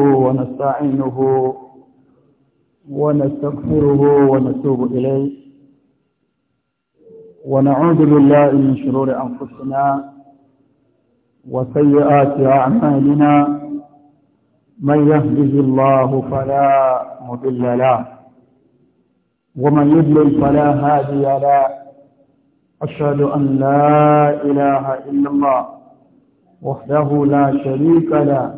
ونستعينه ونستغفره ونتوب إليه ونعوذ بالله من شرور أنفسنا وسيئات أعمالنا من يهده الله فلا مضل له ومن يضلل فلا هادي له أشهد أن لا إله إلا الله وحده لا شريك له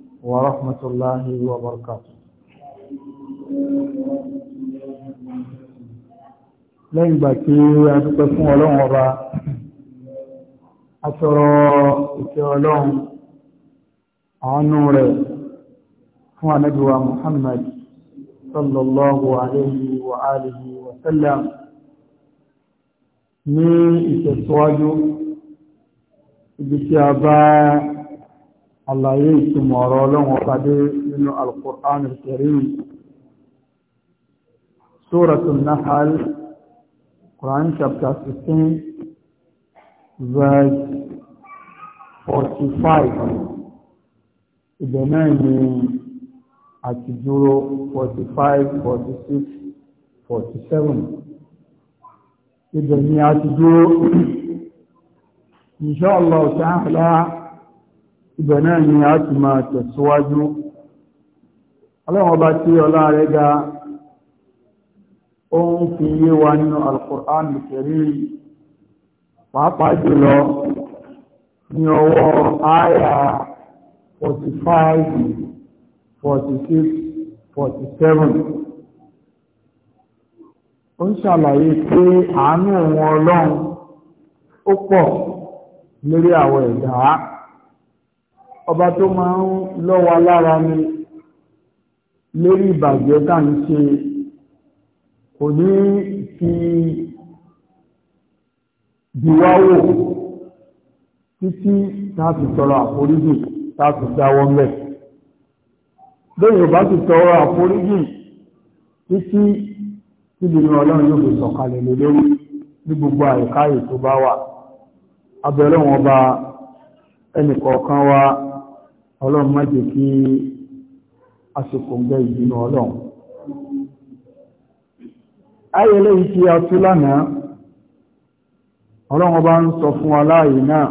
ورحمة الله وبركاته lẹ́yìn ìgbà tí a dúpẹ́ fún ọlọ́run ọba aṣọ́rọ̀ ìṣẹ́ ọlọ́run àánú rẹ̀ fún ànábìwà Muhammad sallallahu alayhi wa alihi wa sallam ní ìtẹ̀síwájú ibi tí a bá àlàyé ìtumọ̀ ọ̀rọ̀ ọlọ́run pàdé nínú al-Qur'an al-Karim Suratul Nahl Quran chapter 16 verse 45 ibẹ̀ náà ni àti dúró 45 46 47 ibẹ̀ ni àti dúró insha Allah ta'ala ibẹ̀ náà ni a ti máa tẹ̀síwájú ọlọ́run ọba tí ọlá rẹ̀ ga ó ń fi yé wa nínú Al-Qur'an pàápàá jùlọ ní ọwọ́ àyà 45 46 47 ó ń ṣàlàyé pé àánú òun ọlọ́run ó pọ̀ lórí àwọn ẹ̀dá ọba tó máa ń lọ́wọ́ lára ni lórí ìbàjẹ́ tá ń ṣe kò ní fi dìwáwò títí táàfi tọrọ àforíjì táàfi dáwọ́ mẹ́ lóyìn bá ti tọrọ àforíjì títí tí ìdìnnà ọlọ́run yóò fi sọ̀kalẹ̀ lé lórí ní gbogbo àìkáyè tó bá wà abẹ́rẹ́ wọn bá ẹnìkọ̀ọ̀kan wa ọlọ́run má jẹ́ kí àsìkò ń gbẹ́ ìbínú ọlọ́run ayé lẹ́yìn tí a tú lánàá ọlọ́run bá ń sọ fún aláàyè náà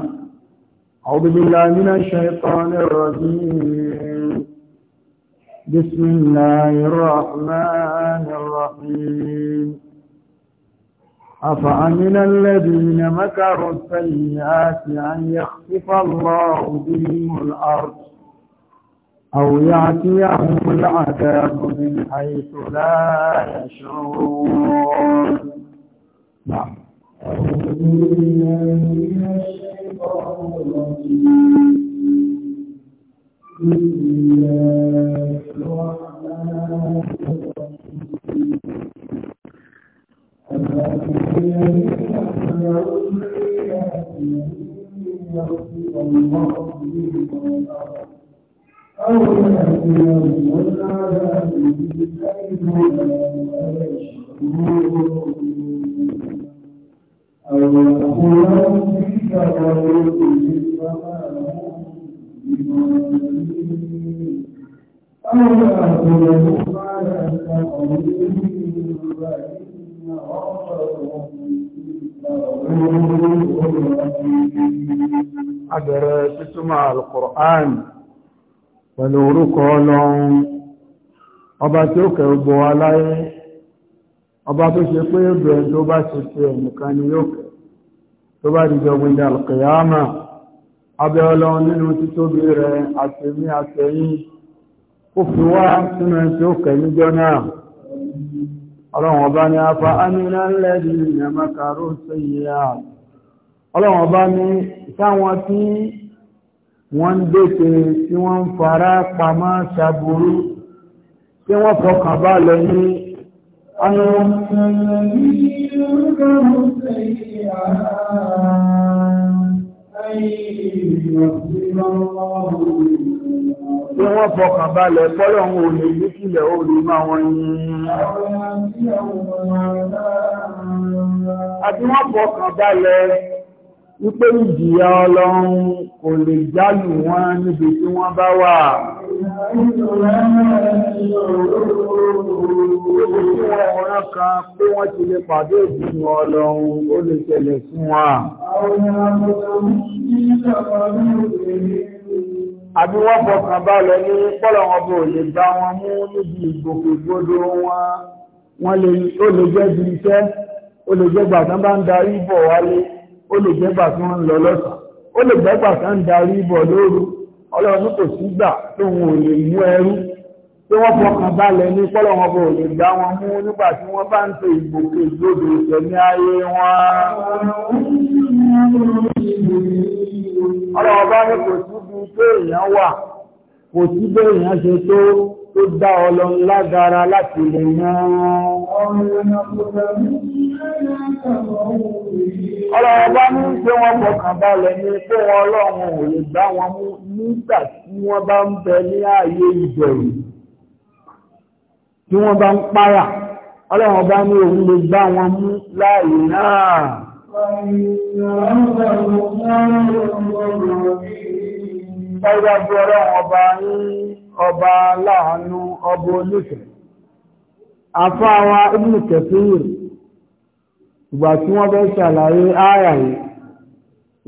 أعوذ بالله من الشيطان الرجيم بسم الله الرحمن الرحيم أفأمن الذين مكروا السيئات أن يخسف الله بهم الأرض أو يأتيهم العذاب من حيث لا يشعرون نعم أعوذ بالله من الشيطان الرجيم بسم الله الرحمن الرحيم بالله أو يأتيهم العذاب من حيث لا يشعرون أو يأخذهم في طريقهم فما هم بمعلمين أو يأخذهم على تقديم فإن ربهم أدرستما القرآن pẹ̀lú orúkọ ọlọ́run ọba tí ó kẹ́ gbogbo wa ọba tó ṣe pé tó bá ṣe ṣe ẹnìkan ni yóò kẹ́ tó bá dìjọ gbìndà alkiyama abẹ́ ọlọ́run nínú títóbi rẹ̀ àtẹ̀mí àtẹ̀yìn ó fi wá sínú ẹni náà ọlọ́run ọba afa ìyàmákàró sí ìyá ọlọ́run ọba wọ́n ń dẹ́kẹ́ tí wọ́n ń fara pamọ́ ṣàbúrú tí wọ́n fọkàn bá lọ ní ọ̀nà tí wọ́n fọkàn bá lọ pọ́lọ̀ wọn ò lè ní kílẹ̀ máa wọn yìí àti wọ́n fọkàn bá lọ wípé ìjìyà ọlọ́run kò lè jálù wọn níbi tí wọ́n bá wà. Wọ́n kan pé wọ́n ti lè pàdé ìjìyà ọlọ́run ó lè ṣẹlẹ̀ fún wa. Àbí wọ́n fọkàn balẹ̀ ní pọ́lọ̀wọ́n bò lè bá wọn mú níbi ìgbòkègbodò wọn. lè jẹ́ bí iṣẹ́, lè jẹ́ gbàtán bá ń darí bọ̀ wálé ó lè jẹ́gbà tí wọ́n ń lọ lọ́sàn ó lè jẹ́gbà tí wọ́n ń darí bọ̀ lóru ọlọ́run kò sígbà tó wọn ò lè mú ẹrú tí wọ́n fọkàn balẹ̀ ní pọ́lọ̀ wọn bò lè gbá wọn mú nígbà tí wọ́n bá ń tẹ ìgbòkè lóde ìṣẹ̀mí ayé wọn. ọlọ́run bá ní kò síbi tó èèyàn wà kò sí èèyàn ṣe tó tó dá ọlọ́n lágara láti lè yán ọlọ́wọ́ bá wọ́n fọkàn balẹ̀ ní pé wọn ọlọ́run ò lè gbá wọn mú nígbà tí wọ́n bá ń bẹ ní ààyè ìbẹ̀rù tí wọ́n bá ń páyà ọlọ́run bá ní òun lè gbá wọn mú láàyè náà Báyìí bá bí ọlọ́run ọba yìí ọba aláàánú ọba olóṣèlú àfáàwà Ibn Kathir ìgbà tí wọ́n bẹ́ ṣàlàyé áyà yìí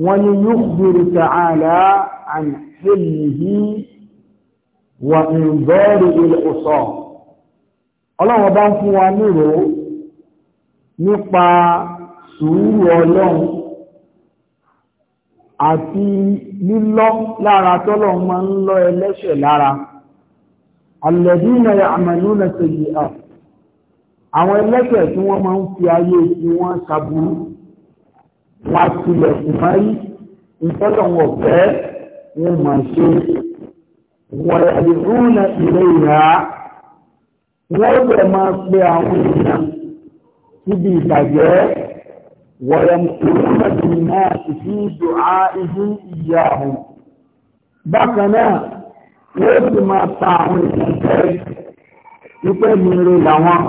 wọ́n ni yukhbiru ta'ala an hilmihi wa inzari il-usam ọlọ́run bá ń fún wa nírò nípa sùúrù ọlọ́run àti lílọ́ lára tọ́lọ́run máa ń lọ ẹlẹ́ṣẹ̀ lára alladina ya'maluna sayyi'at àwọn ẹlẹ́ṣẹ̀ tí wọ́n máa ń fi ayé tí wọ́n ṣàbùrú wọ́n tilẹ̀ kù báyìí ìtọ́lọ̀ wọn fẹ́ wọn máa ṣe wọ́n yàdìrúnà ilé ìhà wọ́n bẹ̀ máa pe àwọn èèyàn síbi ìbàjẹ́ wọ́n yẹ kúrúnà dì náà sí ìdùn á ìdí ìyá àwọn bákan náà yóò sì máa ta àwọn èèyàn jẹ́ wípé mire làwọn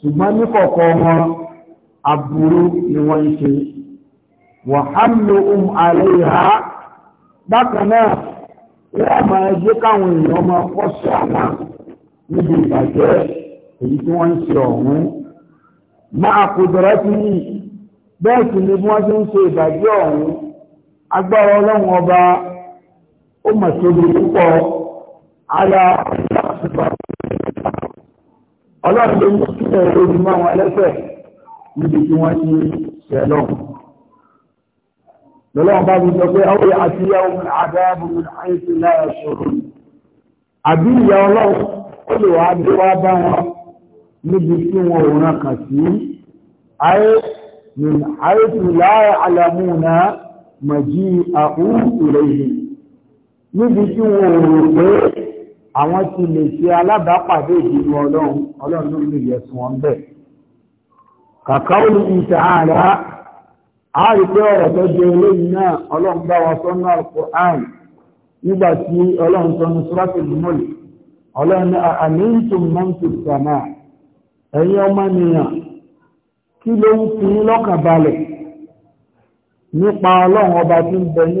ṣùgbọ́n níkọ̀ọ̀kọ̀ wọn aburú ni wọ́n ń ṣe wàhálù um àríhá bákan náà wọ́n máa jẹ́ káwọn èèyàn máa kọ́ sí àwọn níbi ìbàjẹ́ èyí tí wọ́n ń ṣe ọ̀hún máa kò dọ̀rọ̀ sí yìí bẹ́ẹ̀ sì ni bí wọ́n ti ń ṣe ìbàjẹ́ ọ̀hún agbára ọlọ́run ọba ó mọ̀ sí omi púpọ̀ ara ọlọ́run ló ń kíkẹ́ omi mọ́ àwọn ẹlẹ́fẹ̀ níbi tí wọ́n ti ṣẹ̀ lọ́wọ́ lọ́lọ́wọ́ bá mi sọ pé ọwọ́ àti ìyá omi àdáàbò mi àìsí lára ṣòro àbí ìyá ọlọ́run ó lè wá dé wá bá wọn níbi tí wọn ò ràn kàn sí ayé min àìsí lára àlàmúnà màjí àkú ìrẹ̀yìn níbi tí wọn ò rò pé àwọn ti lè ṣe alábàápàdé ìdìbò ọlọ́run ọlọ́run ló lè yẹ bẹ́ẹ̀. kàkà ó ní ìta àrà á rí pé ọ̀rọ̀ tó jẹ eléyìí náà ọlọ́run bá wa nígbà tí ọlọ́run ọlọ́run ní sàmà ẹ̀yin kí ló ń fi lọ́kàn balẹ̀ nípa ọlọ́run ọba tí ń bẹ ní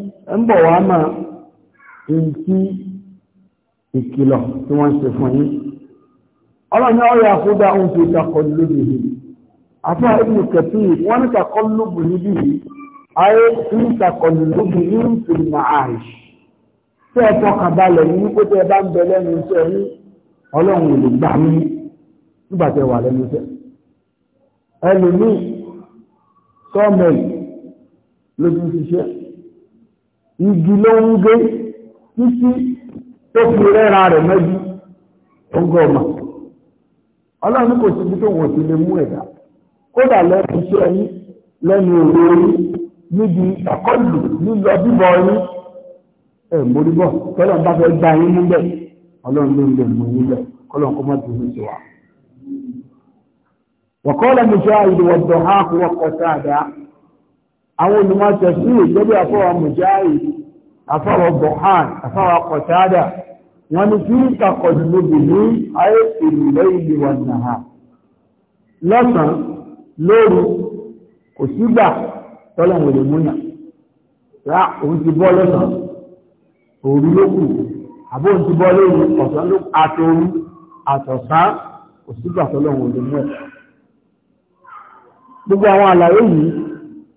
ń bọ̀ wá máa ń tí ìkìlọ̀ tí wọ́n ń ṣe fún yín ọlọ́ni ọ̀yà fúdà ń fi takọlùbìhì àti àìbù kẹfì wọ́n ní takọlùbìhì bí ayé ń takọlùbìhì ń fi màáì tẹ́ ẹ fọkànbalẹ̀ yìí pé tẹ́ ẹ bá ń bẹ lẹ́nu iṣẹ́ yín ọlọ́run ò lè gbà mí nígbà tẹ́ wà lẹ́nu iṣẹ́ ẹlòmíì sọ́ọ̀mẹ̀lì ló ti ń ṣiṣẹ́ igi ló ń gé títí tó fi rẹ́ra rẹ̀ mẹ́jú ọgọ́ ọmọ ọlọ́run kò síbi tó wọ́n ti lè mú ẹ̀dá kódà lẹ́nu iṣẹ́ yín lẹ́nu òwe yín níbi ọ̀kọ́lù lílọ yín ẹ̀ tọ́lọ̀ bá fẹ́ gba yín níbẹ̀ ọlọ́run ló ń lè mú yín kó má dùn ní tiwa. lẹ́nu àwọn olùmọ̀ọ́sẹ̀ sí ìjọba àfọwà mùjáì àfọwà bọ̀hán àfọwà kọ̀tádà wọn ni tí ń kàkọ̀dù lóbi ní ayé ìrìnlẹ̀ ìlú wọn nàá lọ́sàn lóru kò sígbà tọ́lọ̀wọ̀n lè múnà rá òun ti bọ́ lọ́sàn òru ló kù àbó gbogbo àwọn àlàyé yìí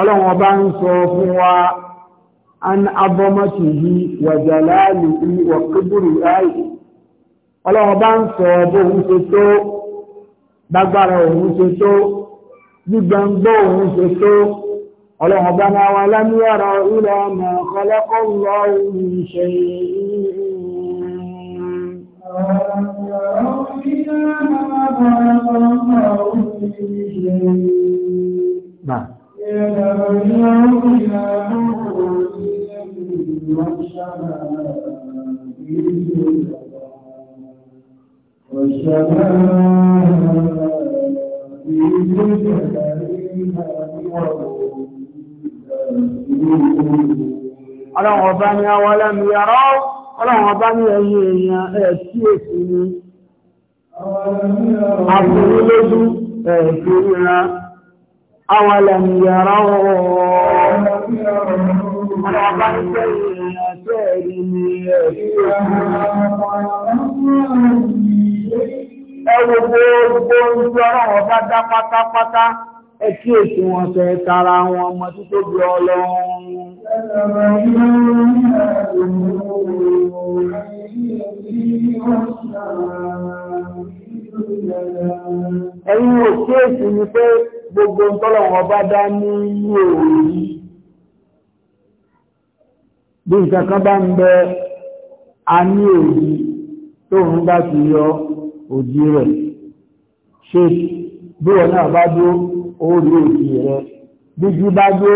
ọlọ́run ọba ń sọ fún wa an abọ́mọ́tì yìí wàjàláàlì yìí wàkúbùrù ráì ọlọ́run ọba ń sọ bó òun ṣe tó gbágbára òun ṣe tó gbígbàngbọ́ òun ṣe tó ọlọ́run ọba náà wà lámúyàrá ilẹ̀ ọmọ ọ̀kọ́lẹ́kọ́ lọ́wọ́ ìṣe Nah. Ọlọ́run ọba ni àwọn ọlọ́run yàrá ọlọ́run ọba ní ẹ̀yìn èèyàn ẹ̀ẹ̀kí èsì ni. Àwọn ọlọ́run yàrá. أولم يروا Ẹwọ gbogbo ìjọ ọlọ́wọ́ bá dá pátápátá, ẹ kí èsì wọn sọ ẹ̀tara wọn ọmọ tí tó bí ọlọ́run. Ẹ̀yìn òkú èsì ni pé gbogbo tọ́lọ̀wọ̀ bá dá ní òòrí bí ìkankan bá ń bẹ a ní òòrí tó ń bá ti yọ òjì rẹ̀ ṣe bí wọn náà orí òjì rẹ̀ bí jí bá dó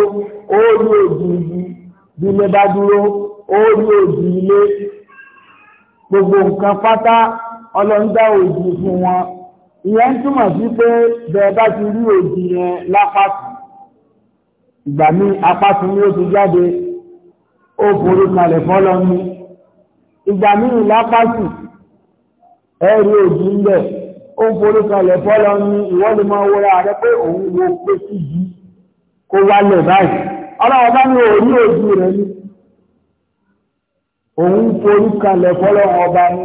orí òjì igi bí ilé bá dúró orí òjì ilé gbogbo nǹkan pátá ọlọ́ndá òjì fún wọn ìyẹn ń túmọ̀ sí pé bẹ́ẹ̀ bá ti rí òdì yẹn lápapọ̀ ìgbà ní apákan ní ó ti jáde ó forí kalẹ̀ fọ́lọ́ ní ìgbà ní ìlápásì ẹ̀rí òjì ń bẹ̀ ó forí kalẹ̀ fọ́lọ́ ní ìwọ́lù máa wọ́ra rẹ pé òun wo pé sí yìí kó wálẹ̀ báyìí ọlọ́wọ́ bá ní orí òjì rẹ̀ ní òun forí kalẹ̀ fọ́lọ́ ọba ní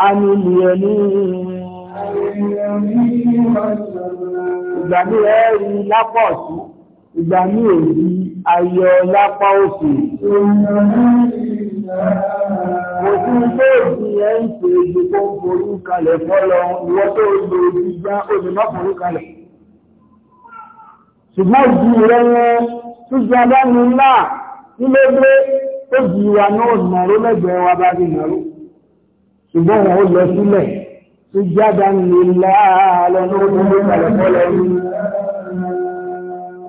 عن اليمين ìgbà ní ẹ̀rí lápá ọ̀tún ìgbà ní èyí ayọ̀ lápá òsì mo tí ń pé ìdí ẹ̀ ń pè èdè tó ń forí kalẹ̀ fọ́lọ ìwọ́ tó lè ìdí já olùmọ́ forí kalẹ̀ ṣùgbọ́n ìdí rẹ̀ yẹn tó jẹ́ adáni nílé gbé tó jì wà náà nàró ṣùgbọ́n wọn ó lọ sílẹ̀ tó jáde ní láàárọ̀ lọ́wọ́ tó kàlẹ̀ fọ́lẹ̀ yìí.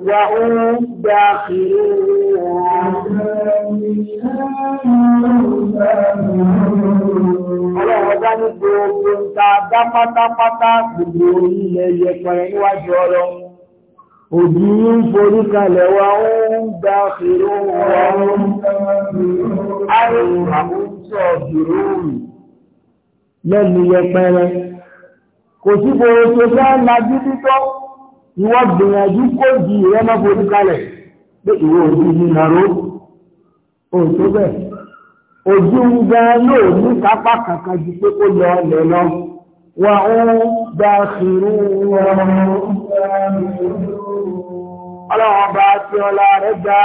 Wà ó ń gba kìí lẹ́nu yẹpẹrẹ kò sí bó ṣe fẹ́ lajú títọ́ ìwọ gbìyànjú kó di ìrẹ́ mọ́ fojú kalẹ̀ pé ìwọ òbí ní nàró òtó bẹ́ẹ̀ ojú ń gẹ yóò ní kápá kankan ju pé kó lọ lẹ̀ lọ wà ń gba ṣìrú wọn. tí ọlá rẹ̀ ga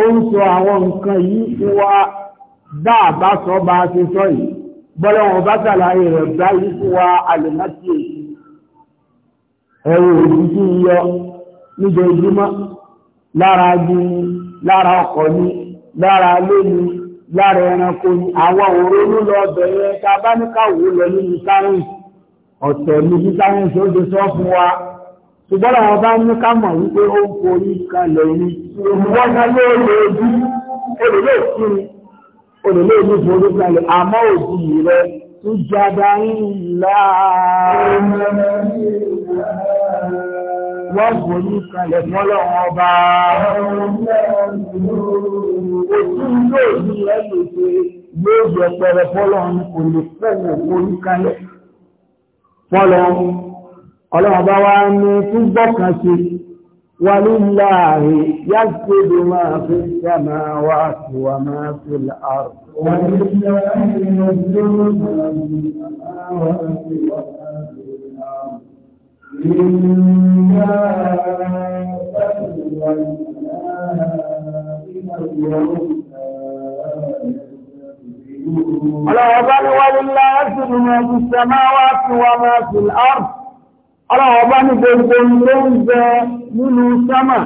ó ń sọ àwọn nǹkan yìí fún wa bá a bá sọ bá a ṣe sọ yìí bọ́lọ́wọ́ bá sàlàyé rẹ̀ báyìí fún wa àlùmọ́tì èyí ẹ̀rù òjìjí yọ níjọjúmọ́ lára bí lára ọkọ̀ ní lára lónìí lára ẹranko ní àwọn òrónú lọ bẹ̀rẹ̀ ká bá ní káwò lọ nínú sáyẹ̀nsì ọ̀tẹ̀ ní bí sáyẹ̀nsì ó ti sọ fún wa ṣùgbọ́n àwọn bá ní ká mọ̀ wípé ó ń forí kalẹ̀ ní ìwọ́n náà yóò lè ojú èrè lè kiri olùlé ìlú forí kalẹ̀ àmọ́ òbí rẹ̀ tó jáda ńlá wọ́n forí kalẹ̀ mọ́lọ́wọ́ bá òtún yóò ní ẹ̀lò pé yóò jẹ pẹrẹ fọ́lọ́run kò lè fẹ́lẹ̀ forí kalẹ̀ ní túbọ̀ kan ولله يسجد ما في السماوات وما في الأرض ولله يسجد ما في السماوات وما في الأرض ولله ما في السماوات وما في الأرض ọlọ́wọ́ bá ní gbogbo ló ń bẹ nínú sámà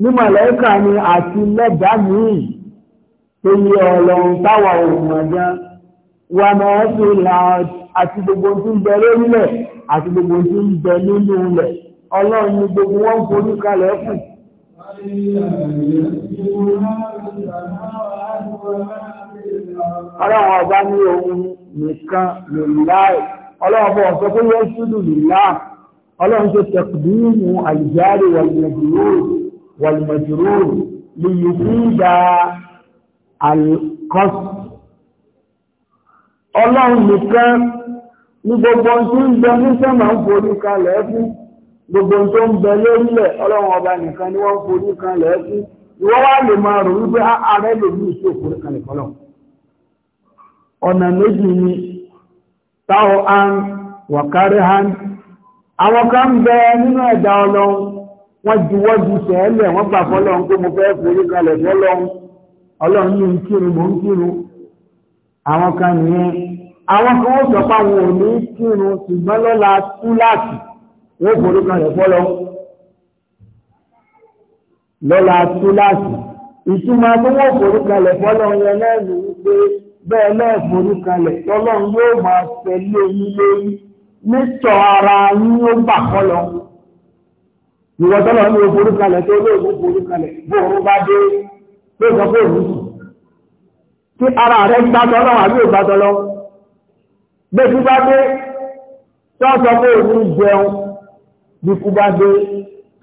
ní mọ̀lẹ́kà ni àti lẹ́dàá tó yí ọlọ́run táwà òun ọ̀dá wà náà fi là àti gbogbo tí ń bẹ lórílẹ̀ àti gbogbo tí ń bẹ nínú ilẹ̀ ọlọ́run ni gbogbo ní ọlọ́ọ̀bọ̀ sọ pé wọ́n ṣúdù nìlá ọlọ́run ṣe tẹ̀kùdínú àìjáre wàlùmọ̀jùrò lè yìí fún ìgbà àkọ́sù ọlọ́run nìkan ní gbogbo tó ń bẹ ní sẹ́mà ń forí kalẹ̀ fún gbogbo tó ń bẹ lórílẹ̀ ọlọ́run an án wàkárí hàn àwọn kan bẹ nínú ẹ̀dá ọlọ́run wọ́n juwọ́jú sẹ́ẹ̀lẹ̀ wọ́n gbà fọ́lọ́run pé mo fẹ́ forí kalẹ̀ fọ́lọ́run ọlọ́run ní kírun mò ń àwọn kan nìyẹn àwọn kan ó sọ páwọn ò ní kírun ṣùgbọ́n lọ́la túláàsì wọ́n forí kalẹ̀ fọ́lọ́run lọ́la túláàsì ìtumọ̀ tó wọ́n forí kalẹ̀ fọ́lọ́run yẹn lẹ́nu wípé bẹ́ẹ̀ lẹ́ẹ̀forí kalẹ̀ tọ́lọ́run yóò máa fẹ́ léyìn léyìn nítọ́ ara yín ó bà kọ́lọ. Ìwọ tọ́lọ́run ní oforí kalẹ̀ tó lóògùn forí kalẹ̀ bóòrùn bá dé lóògùn fún òun sùn. Kí ara rẹ̀ gbá tọ́lọ́ àbí ògbà tọ́lọ́. Bẹ́ẹ̀kú bá dé tọ́sọ pé òun jẹun bíkú bá dé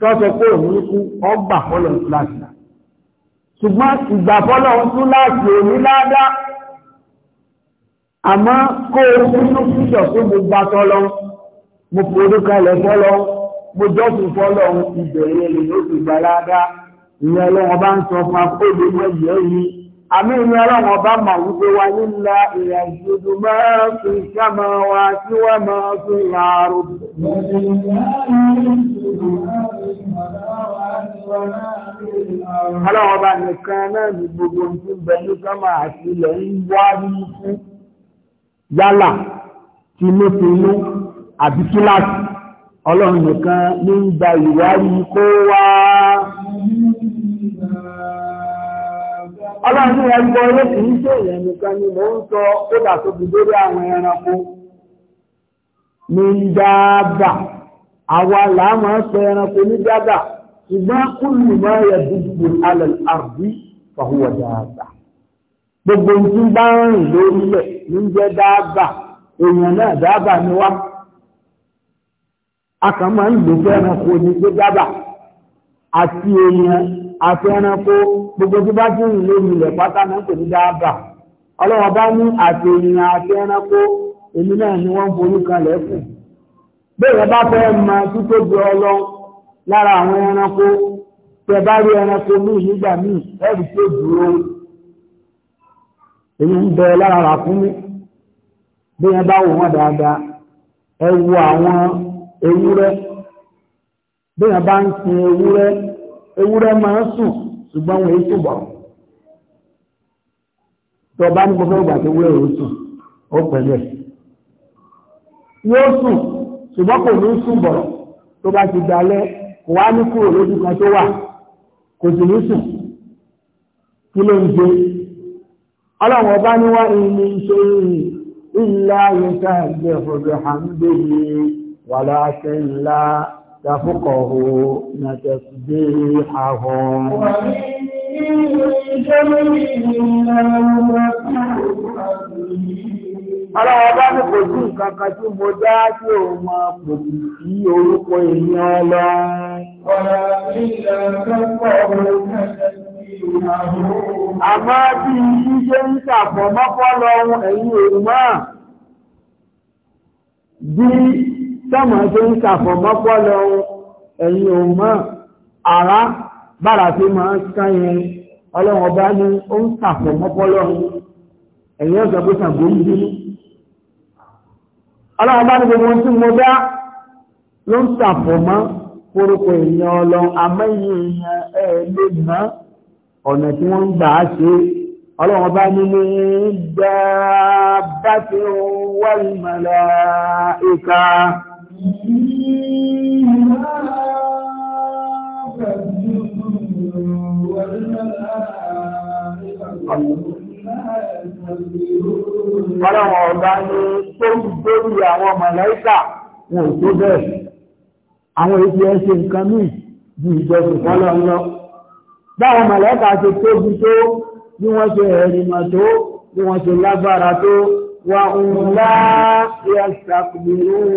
tọ́sọ pé òun kú ọgbà kọ́lọ̀ kíláàsì. Ṣùgbọ́n ìgbà kọ́lọ̀ ń tú láti òní ládàá àmọ́ kó o sínú púpọ̀ tó mo bá mo forí kalẹ̀ fọ́lọ́ mo jọ́sìn fọ́lọ́ ìbẹ̀rẹ̀ lè ló fi gbà dáadáa ìyẹn ọlọ́wọ́n bá ń sọ fún akóde mọ́jẹ́ yìí àmì ìyẹn ọlọ́wọ́n bá mà wípé wa nílá ìrìnàjò máa fi sámà wa tí wọ́n máa fi làárò. ọlọ́wọ́n bá nìkan náà ní gbogbo ohun tí ní sámà àti ilẹ̀ ń wá ní fún yálà tí ló fi inú àbí kíláàsì ọlọ́run nìkan ní ń gba ìwárí kó wá ọlọ́run ní ẹgbọ́ ilé kì í ni mò ń sọ ó dà tó fi lórí àwọn ẹranko ní dáàbà àwa làámọ̀ sọ ẹranko ní dáàbà gbogbo tí ń bá ń rìn lórílẹ̀ ní jẹ́ dáàbà èèyàn náà dáàbà ni wá a kàn máa ń lò fẹ́ranko ní pé dáàbà àti èèyàn àfẹ́ranko gbogbo tí bá ti rìn lórílẹ̀ pátá náà kò ní dáàbà ọlọ́wọ́ bá ní àti èèyàn àfẹ́ranko èmi náà ni wọ́n borí kan lẹ́kùn bẹ́ẹ̀ bá fẹ́ mọ ọlọ lára àwọn ẹranko tẹ bá rí ẹranko míì èyí ń bẹ lára ràkúnmí bí wọ́n bá wò dáadáa ẹ wo àwọn ewúrẹ́ bí wọ́n bá ń sin ewúrẹ́ ewúrẹ́ máa ń sùn ṣùgbọ́n wọn èso bọ̀ tó bá ní gbogbo ìgbà tó yóò sùn ó yóò kò ní sùn tó bá ti dalẹ kò wá ní kúrò kan tó wà ọlọ́run ọba ní wá ilé iṣẹ́ yìí ilá yíká ẹgbẹ́ ọ̀rọ̀ àmúgbé yìí wà láṣẹ ńlá tàfúkọ̀ ò nàtẹ̀sídé àhọ́n. Ọlọ́run ọba ní kò sí nǹkan kan tí mo dá tí ò máa pòkì sí orúkọ ènìyàn lọ. ìlànà tó pọ̀ ọ̀rọ̀ Àmọ́ bí iṣẹ́ ṣe ń ṣàpọ̀ mọ́pọ́lọ ohun ẹ̀yìn òrùmọ́, bí sọ́mọ̀ ṣe ń ṣàpọ̀ mọ́pọ́lọ ohun ẹ̀yìn òrùmọ́, àrá bára tí máa ń káyẹn ọlọ́wọ̀n bá ní ó ń ṣàpọ̀ mọ́pọ́lọ ẹ̀yìn ọ̀sọ̀gbọ́sàn gbóyìn bínú. Ọlọ́wọ̀n bá ní gbogbo ọ̀nà tí wọ́n ń gbà á ṣe ọlọ́wọ́n bá nínú dábá tí ó wà ìmọ̀lá ìka ọlọ́wọ́n ọba ní tó ń gbórí àwọn mọ̀lẹ́ta wọn ò tó bẹ́ẹ̀ àwọn èdè ẹ̀ṣẹ̀ nǹkan míì ju ìjọsìn fọ́lọ́ ń báwọn mọ̀lẹ́kà ti tóbi tó bí wọ́n ṣe ẹ̀rìnmọ̀ tó bí wọ́n ṣe lágbára tó wà ńlá yẹ́sàkùnrin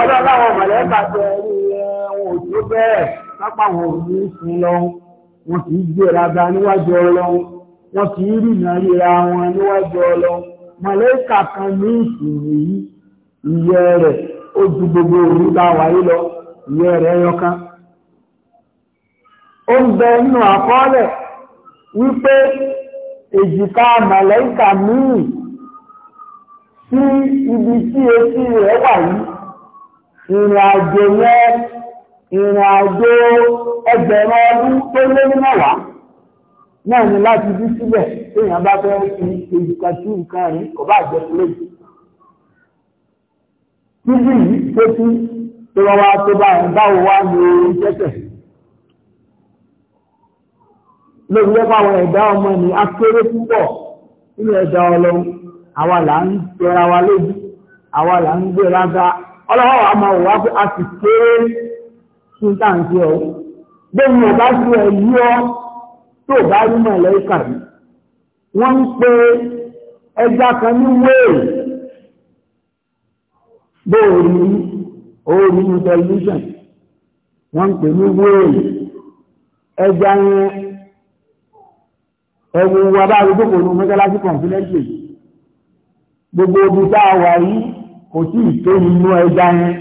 ọjọ́ láwọn mọ̀lẹ́kà ti ẹ̀rìnwọ̀n tó bẹ́ẹ̀ lápá wọn ò ní sin lọ wọn kì í gbéraga níwájú ọlọ́run wọn níwájú ọlọ́run mọ̀lẹ́kà kan ní ìsìn ìyẹ́ rẹ̀ ó ju gbogbo òrùka wáyé lọ yẹrẹ rẹ̀ ẹyọkan ó ń bẹ nínú àkọọ́lẹ̀ wípé èjìká míì sí ibi tí etí rẹ̀ wà yìí ìrìn àjò ìrìn àjò ẹgbẹ̀rún ọdún tó lé ní mẹ́wàá náà ni láti bí síbẹ̀ téèyàn bá fẹ́ fi èjìká tó wá wá tó bá ń báwo wá ní orí tẹ́tẹ̀. lórí lẹ́pọ̀ àwọn ẹ̀dá ọmọ ni a kéré púpọ̀ nínú ẹ̀dá ọlọ́run àwa là ń wa lójú àwa là ń gbé lága ọlọ́wọ́ pé a sì kéré sí sí ẹ̀ yí ọ tó bá rí mọ̀ yìí wọ́n ń ó rí ní tẹlifíṣàn wọ́n ń pè ní wéèlì ẹja yẹn ẹ̀wù wa bá rí tó kò ní mẹ́tẹ́lásí kọ̀ǹfílẹ́ǹsì gbogbo ibi tá a wà yìí kò tí ì tó inú ẹja yẹn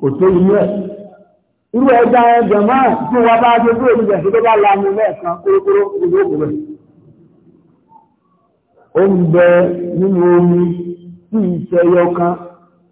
kò tó inú ẹ̀ irú ẹja yẹn jẹ̀mọ́ tí wọ́n bá ṣe kúrò níbẹ̀ tó bá lanu lẹ́ẹ̀kan kúrókúró kúrò kúrò ó ń bẹ nínú omi tí ìṣẹ́yọ kan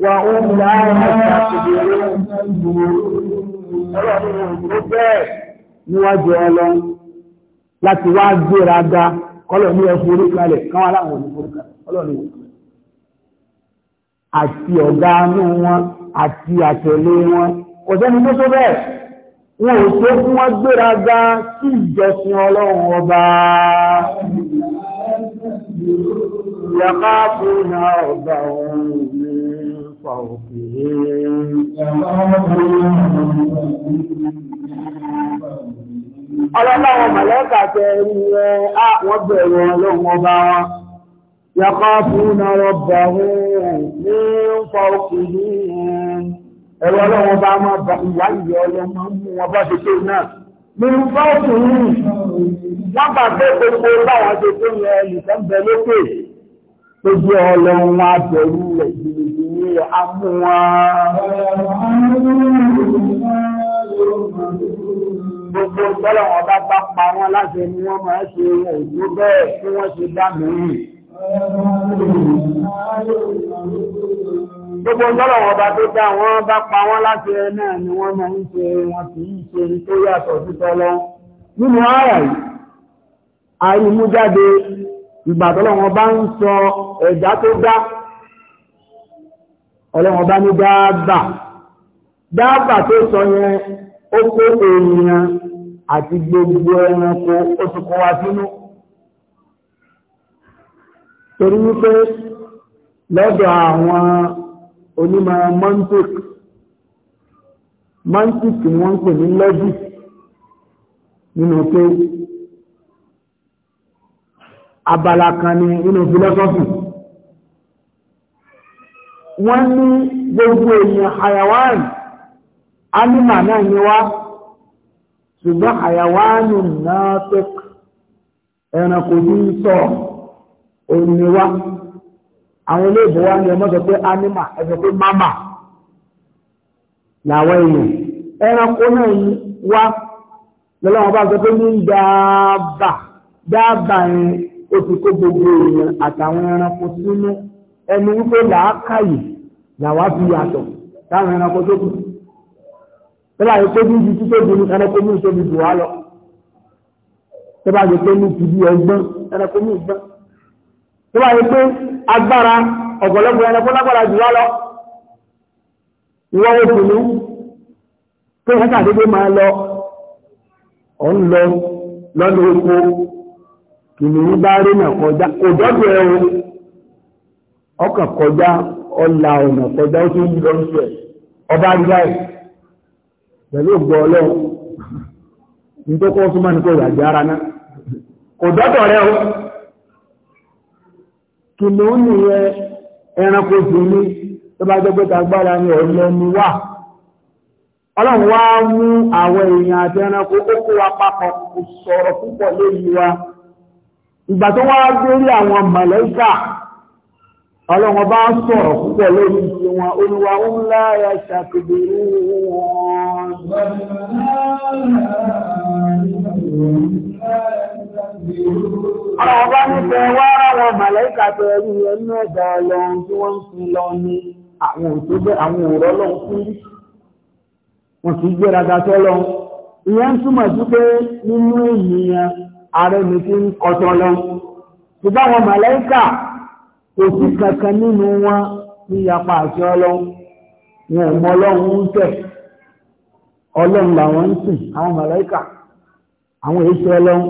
وهم لا يستكبرون níwájú ọlọ́run láti wá gbéra ga kọ́lọ̀ ní ẹ̀fún oríkàlẹ̀ káwọn aláwọ̀ oníkàlẹ̀ ọlọ́run àti ọ̀gá anú wọn àti àtẹ̀lé wọn ọ̀sẹ́ni tó tó bẹ́ẹ̀ wọn ò tó fún wọn gbéra ga sí ìjọsìn ọlọ́run ọba yàkáàbù náà ọ̀gá ọ̀run Ọlọ́láwọn mọ̀lẹ́kà tẹ ẹrù rẹ̀ á wọ́n bẹ̀rẹ̀ ọlọ́run ọba wọn. Yàkọ́ fún ọrọ̀ bẹ̀rẹ̀ ní ń fọ òkú ní ẹ̀rọ ọlọ́run ọba máa bọ̀ ìwà ìyẹ ọlọ́run mú wọn bá ṣe tó náà amú wọn. Gbogbo ìtọ́lọ̀wọ̀n bá bá pa wọn láti ẹni wọ́n máa ṣe òjú bẹ́ẹ̀ tí wọ́n ṣe dá mìíràn. Gbogbo ìtọ́lọ̀wọ̀n bá tó dá wọn bá pa wọn láti ẹni ni wọ́n máa ń ṣe wọn kì í ṣe tó yàtọ̀ títọ́lọ́. Nínú ààrẹ yìí, àìmú jáde bá ń sọ ẹ̀dá tó dá ọlọ́wọ́n bá ní dáàbà dáàbà tó sọ yẹn ó kó èèyàn àti gbogbo ẹranko ó tún kó wá sínú torí wípé lọ́dọ̀ àwọn onímọ̀ mantic mantic ni wọ́n ń ní logic nínú pé abala kan ni nínú philosophy wọ́n ní gbogbo èèyàn hayawan anima náà ni wá ṣùgbọ́n hayawanu natek ẹranko tí ń sọ òní àwọn iléèbò wá ní ọmọ pé anima ẹ̀sọ̀ pé mama làwọn èèyàn ẹranko náà wá lọ́lọ́wọ́n bá sọ pé ní dáàbà dáàbà ó ti kó ẹni wípé làákàyè làwá fi yàtọ̀ táwọn ẹranko tó kù tọ́lá yìí pé bí ibi tó dùn ẹranko mú ìṣòbí dùn wá lọ tọ́lá yìí pé ní kìdí ọgbọ́n ẹranko mú ìgbọ́n tọ́lá yìí pé agbára ọ̀pọ̀lọpọ̀ ẹranko lágbára wá lọ tó máa lọ ọ̀ ń lọ lọ́nà oko kìnìún bá rí nà kọjá ọkàn kọjá ọlà ọ̀nà kọjá ó tún lọ ọba ríláì pẹ̀lú ògbọ́ ọlọ́run nítòkọ́ súnmọ́ ní kò yàgbé ara náà kò dọ́tọ̀ ẹranko ní tó bá jẹ́ wà ọlọ́run wá mú àwọn ọlọ́wọ́n bá sọ̀rọ̀ púpọ̀ lórí ti wọn olúwa ó ń láyà ṣàkóbìrú wọn ọlọ́wọ́n bá nífẹ̀ẹ́ wá ráwọn màlẹ́kà tẹ̀rí ẹnu ẹ̀dà ọlọ́run tí wọ́n ń fi lọ ní àwọn òṣèlú àwọn òrọ́ lọ́wọ́ fún wọn sì gbéraga tọ́lọ́ ìyẹn túmọ̀ sí pé nínú ènìyàn ààrẹ mi ti ń kọtọ lọ ṣùgbọ́n àwọn màlẹ́kà kò sí kankan nínú wọn ní yapa àti ọlọ́run wọn ò mọ ọlọ́run ń tẹ̀ ọlọ́run làwọn ń sìn àwọn màláíkà àwọn èso ọlọ́run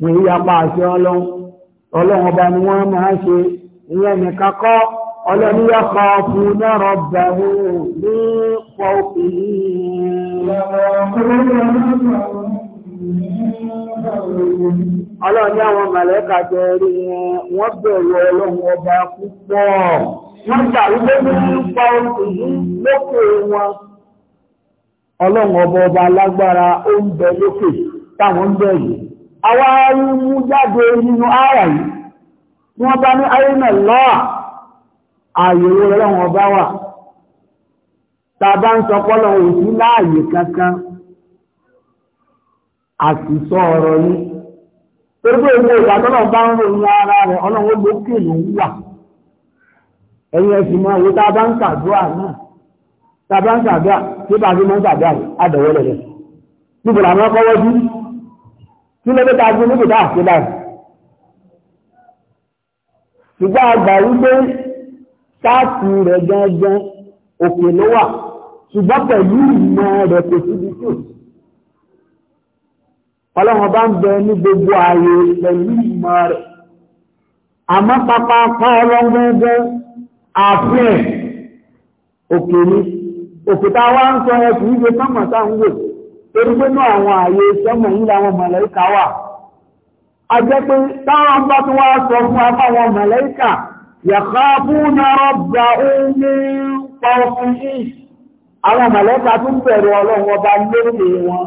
wọn yapa àti ọlọ́run ọlọ́run ọba ni wọ́n máa ṣe ìyẹn nìkan kọ́ ọlọ́run yà kọ́ fún náírà bẹ̀rù ní pọ̀ òkè ọlọ́run ní àwọn màlẹ́kà jẹ rí wọn bẹ̀rẹ̀ ọlọ́run ọba púpọ̀ wọ́n gbà ní òkùnrin lókè wọn ọlọ́run ọba ọba alágbára ó lókè táwọn bẹ̀rẹ̀ bẹ̀rù àwa mú jáde nínú ara ni wọ́n bá ní ọba wà tàbá ń sọ pọ́lọ́run òsì láàyè kankan torípé owó ìgbàtọ́lọ̀ bá ń rò ní ara rẹ̀ ọlọ́run ó lókè ló ń wà ẹ̀yìn ẹ̀sìn mọ́ owó tàbá ń sàdúrà náà tàbá ń sàdúrà tí bá fi mọ́ sàdúrà rẹ̀ àdọ̀wọ́lẹ̀ rẹ̀ níbo làwọn kọ́wọ́ sí kí ló dé ta gbé níbi tá àṣẹ báyìí ṣùgbọ́n àgbà wípé sáàtì rẹ̀ gangan òkè ló wà ṣùgbọ́n pẹ̀lú ìmọ̀ rẹ̀ kò síbi tí ò sí ọlọ́run bá ń bẹ ní gbogbo ààyè pẹ̀lú ìmọ̀ rẹ̀ àmọ́ pápápá ọlọ́gbọ́gbọ́ àfẹ́ òkèlú òkúta wá ń sọ ẹkù ìgbé sọ́mọ̀tá ń wò torí pé ní àwọn ààyè sọ́mọ̀ yìí làwọn mọ̀lẹ́kà wà a jẹ́ pé táwọn bá tún wá sọ fún apáwọn mọ̀lẹ́kà yàkọ́ fún ọgbà omi pọ̀ fún yìí àwọn mọ̀lẹ́kà tún bẹ̀rù ọlọ́run ọba lórí wọn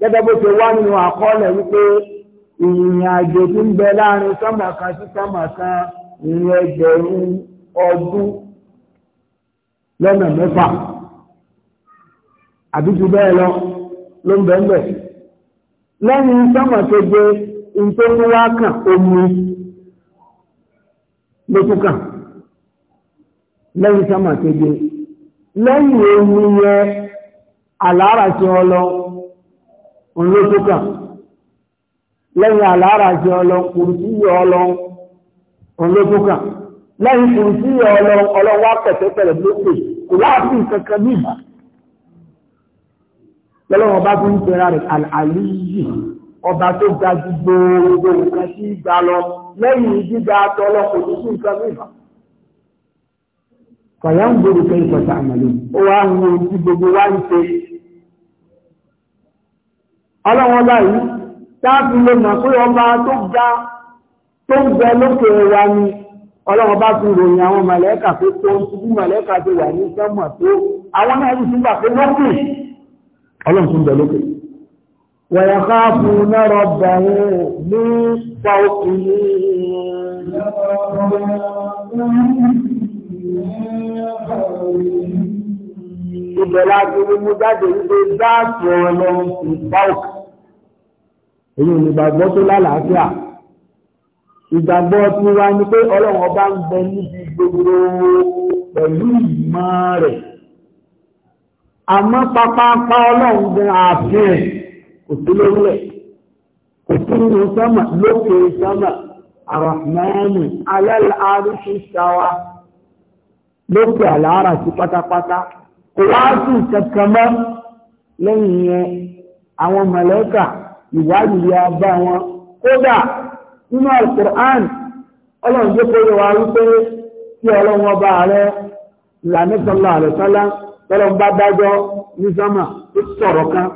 gẹ́gẹ́ bó ṣe wá nínú àkọọ́lẹ̀ wípé ìrìn àjò tí ń bẹ láàrin sánmà kan sí sánmà kan ìrìn ẹgbẹ̀rún ọdún lọ́nà mẹ́fà àbí jù bẹ́ẹ̀ lọ ló ń bẹ̀ lẹ́yìn sánmà keje ìtòkúwá kan omi lókùkà lẹ́yìn sánmà keje lẹ́yìn omi yẹ àlàáràṣẹ ọlọ́run òun ló tó kàn lẹ́yìn àlàárà jẹ ọlọ́run kùrùsí yọ ọlọ́run òun ló tó kàn lẹ́yìn kùrùsí yọ ọlọ́run ọlọ́run wá pẹ̀tẹ́pẹ̀rẹ̀ lókè kò láàfin kankan ní ìgbà lọ́lọ́wọ́ bá tún ń pera rẹ̀ àlàyé ọba tó ga ju gbogbo nǹkan sí ìgbà lọ lẹ́yìn gíga tọ́lọ́ kò ní sí nǹkan mìíràn fàyà ń gbòòrò kẹ́ ìfọ̀tà àmàlẹ́ ó wá ń wo ti gbogbo wá ń ṣe ọlọ́wọ́n báyìí táàbí lè mọ̀ pé ọba tó ga tó ń bẹ lókè wa ni ọlọ́wọ́n bá fi ròyìn àwọn mọ̀lẹ́kà pé tó ń ṣubú mọ̀lẹ́kà tó wà ní sẹ́mọ̀ tó àwọn náà yìí sígbà pé lókè ọlọ́run tó ń lókè wọ̀yẹ̀ fún náírà bẹ̀rẹ̀ ní pàókì Ibẹ̀ láti mú jáde wípé dáàtì ọlọ́run ti pàókì èyí ò ní gbàgbọ́ tó lálàáfíà ìgbàgbọ́ tí wá ní pé ọlọ́run ọba ń bẹ níbi gbogbo pẹ̀lú ìmọ̀ rẹ̀ àmọ́ pápápá ọlọ́run gan àfihàn kò sí lórílẹ̀ kò sí nínú sọ́mà lókè sọ́mà àràmánì alálàárúṣì sáwá lókè àlàárà sí pátápátá kò wá sí kankan lẹ́yìn yẹn àwọn mọ̀lẹ́kà ìwádìí ya bá wọn kódà nínú alukur'an ọlọ́run jẹ́ kó yẹ wa wípé kí ọlọ́run ọba rẹ ìlànà sọlá àlùsálá tọ́lọ́ bá dájọ́ ní sọ́mà ó sọ̀rọ̀ kan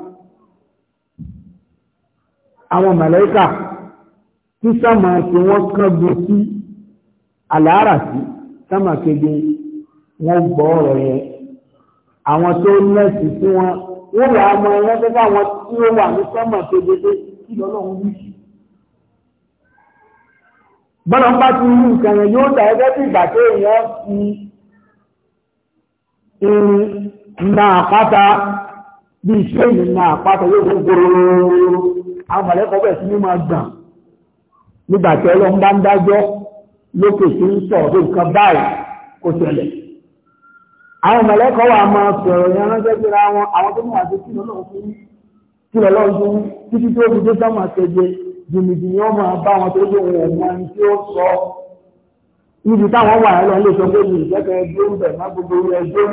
àwọn màláíkà tí sọ́mà tí wọ́n kán bu sí àlàárà sí sọ́mà kejì wọ́n gbọ́ ọ̀rọ̀ yẹn àwọn tó nẹ́ẹ̀sì tí wọ́n wọ́n wà á mọ ẹran tó fáwọn tí ó wà ní sọ́mà kedere kí lọ́lọ́run wí. bọ́lá ń bá ti rí nǹkan yẹn yóò dà ẹgbẹ́ bí ìgbà tó èèyàn fi irin na àpáta bí iṣẹ́ ìrìn na àpáta yóò fún gbòòrò àwọn mọ̀lẹ́kọ̀ọ́ bẹ̀ sí ní máa nígbà tí ọlọ́run bá ń dájọ́ lókè tí ń sọ̀rọ̀ nǹkan báyìí kò tẹ̀lẹ̀ àwọn mẹ̀lẹ́kọ́ wà máa sọ̀rọ̀ yẹn ránṣẹ́ sí ra wọn àwọn tó máa ṣe kí lọ́lọ́run fún kí lọ́lọ́run fún títí tó fi dé sọ́mà ṣẹjẹ jìnnìjì ni wọ́n máa bá wọn tó yẹ wọn ọmọ ẹni tí ó sọ níbi táwọn wà ẹ lọ lè sọ pé mi ìjẹ́kẹ́ ẹgbẹ́ ń bẹ̀ má gbogbo ẹgbẹ́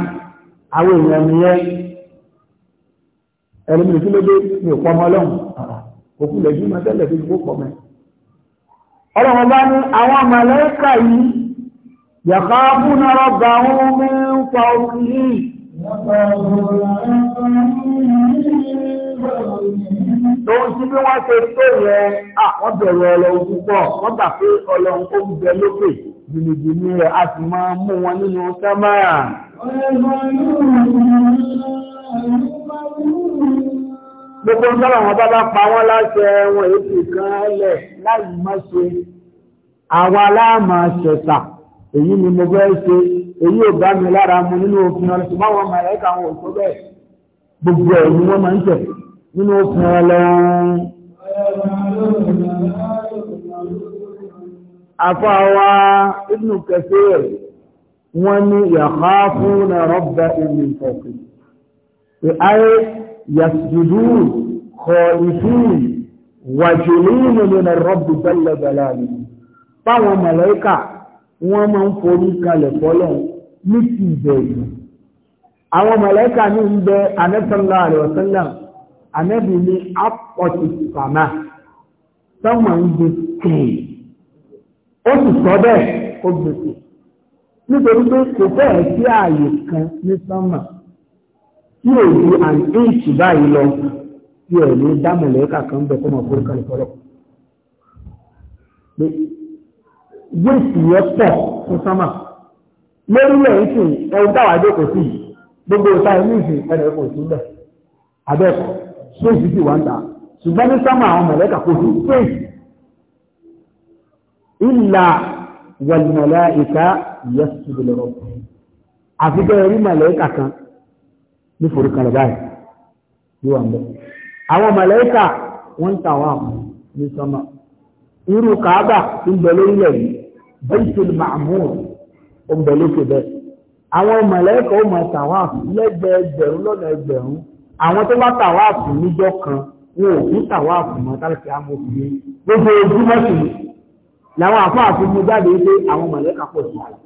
náà ẹ̀rú àwọn èèyàn nìyẹn ẹlẹ́mìnì kí ló dé ní òpó ọmọ ọlọ́run ah, ah. òkú lẹ́jú máa tẹ́lẹ̀ fi gbó pọ̀ mẹ́. ọlọ́run bá ní àwọn màlẹ́kà yìí yàkà fúnra ọgbà wọn mi ń fa yìí. Lóhun tí bí wọ́n ṣe tó yẹ, àwọn ah, bẹ̀rù ọlọ́run púpọ̀, wọ́n gbà pé ọlọ́run ó ń bẹ lókè gbìlìgbìlì rẹ̀ a sì máa mú wọn nínú sámárà gbogbo sọ́rọ̀ wọn bá bá pa wọ́n láṣẹ wọn èsì kan lẹ̀ láì mọ́ ṣe àwọn aláàmà ṣẹ̀ṣà èyí ni mo bẹ́ ṣe èyí ò bá mi lára mu nínú òfin ọlọ́sùn báwọn ọmọ ẹ̀rẹ́ kà wọn ò tó bẹ́ẹ̀ gbogbo ẹ̀ ni wọ́n máa ń tẹ̀ nínú òfin ọlọ́run afáwa ibn Kathir wọ́n ní yakhafuna rabbahum min fawqihim pé ayé yasjudun khaifun wa julun min ar-rabb jalla jalaluhu báwọn màláíkà wọ́n máa ń forí kalẹ̀ fọ́lọ́ ní ti ìbẹ̀rù àwọn màláíkà ní ń bẹ anẹ́sọ́lá àlẹ́wọ̀sọ́lá anẹ́bì ní apọ̀tì sàmà sọ́mọ̀ ń gbé kéè ó sì sọ bẹ́ẹ̀ ó gbèsè nítorí pé kò bẹ́ẹ̀ sí ààyè kan ní sánmà tí ò ju an inch báyìí lọ tí ẹ̀ ní dámọ̀lẹ́kà kan bẹ̀ kọ́mọ̀ fún kàlùkọ́lọ̀ pé yéèsì yẹn pọ̀ fún sánmà lórílẹ̀ ìsìn ẹ̀rù táwà jókòó sí gbogbo ìta ẹ̀mí ìsìn ẹ̀rẹ̀ kò sí bẹ̀ abẹ́ẹ̀kọ́ ṣé ìsìn sì wá ń ta ṣùgbọ́n ní sánmà àwọn mọ̀lẹ́kà kò sí ṣéèsì ìlà wàlùmọ̀lá ìta yẹ́sùn lọ́rọ̀ àfikẹ́ orí màlẹ́kà kan ní forúkàlẹ̀ báyìí yóò wà ń bẹ̀ àwọn màlẹ́kà wọ́n ń tàwa ní sọ́mà irú kàábà ń bẹ lórílẹ̀ yìí baitul ma'mur ń bẹ lókè bẹ́ẹ̀ àwọn màlẹ́kà ó máa tàwa lẹ́gbẹ̀ẹ́gbẹ̀rún lọ́nà ẹgbẹ̀rún àwọn tó bá tàwa níjọ́ kan wọn ò ní tàwa mọ́ tálẹ́kì àmọ́ òfin gbogbo làwọn àfọ àfihàn jáde wípé àwọn mọ̀lẹ́kà pọ̀ sí àlọ́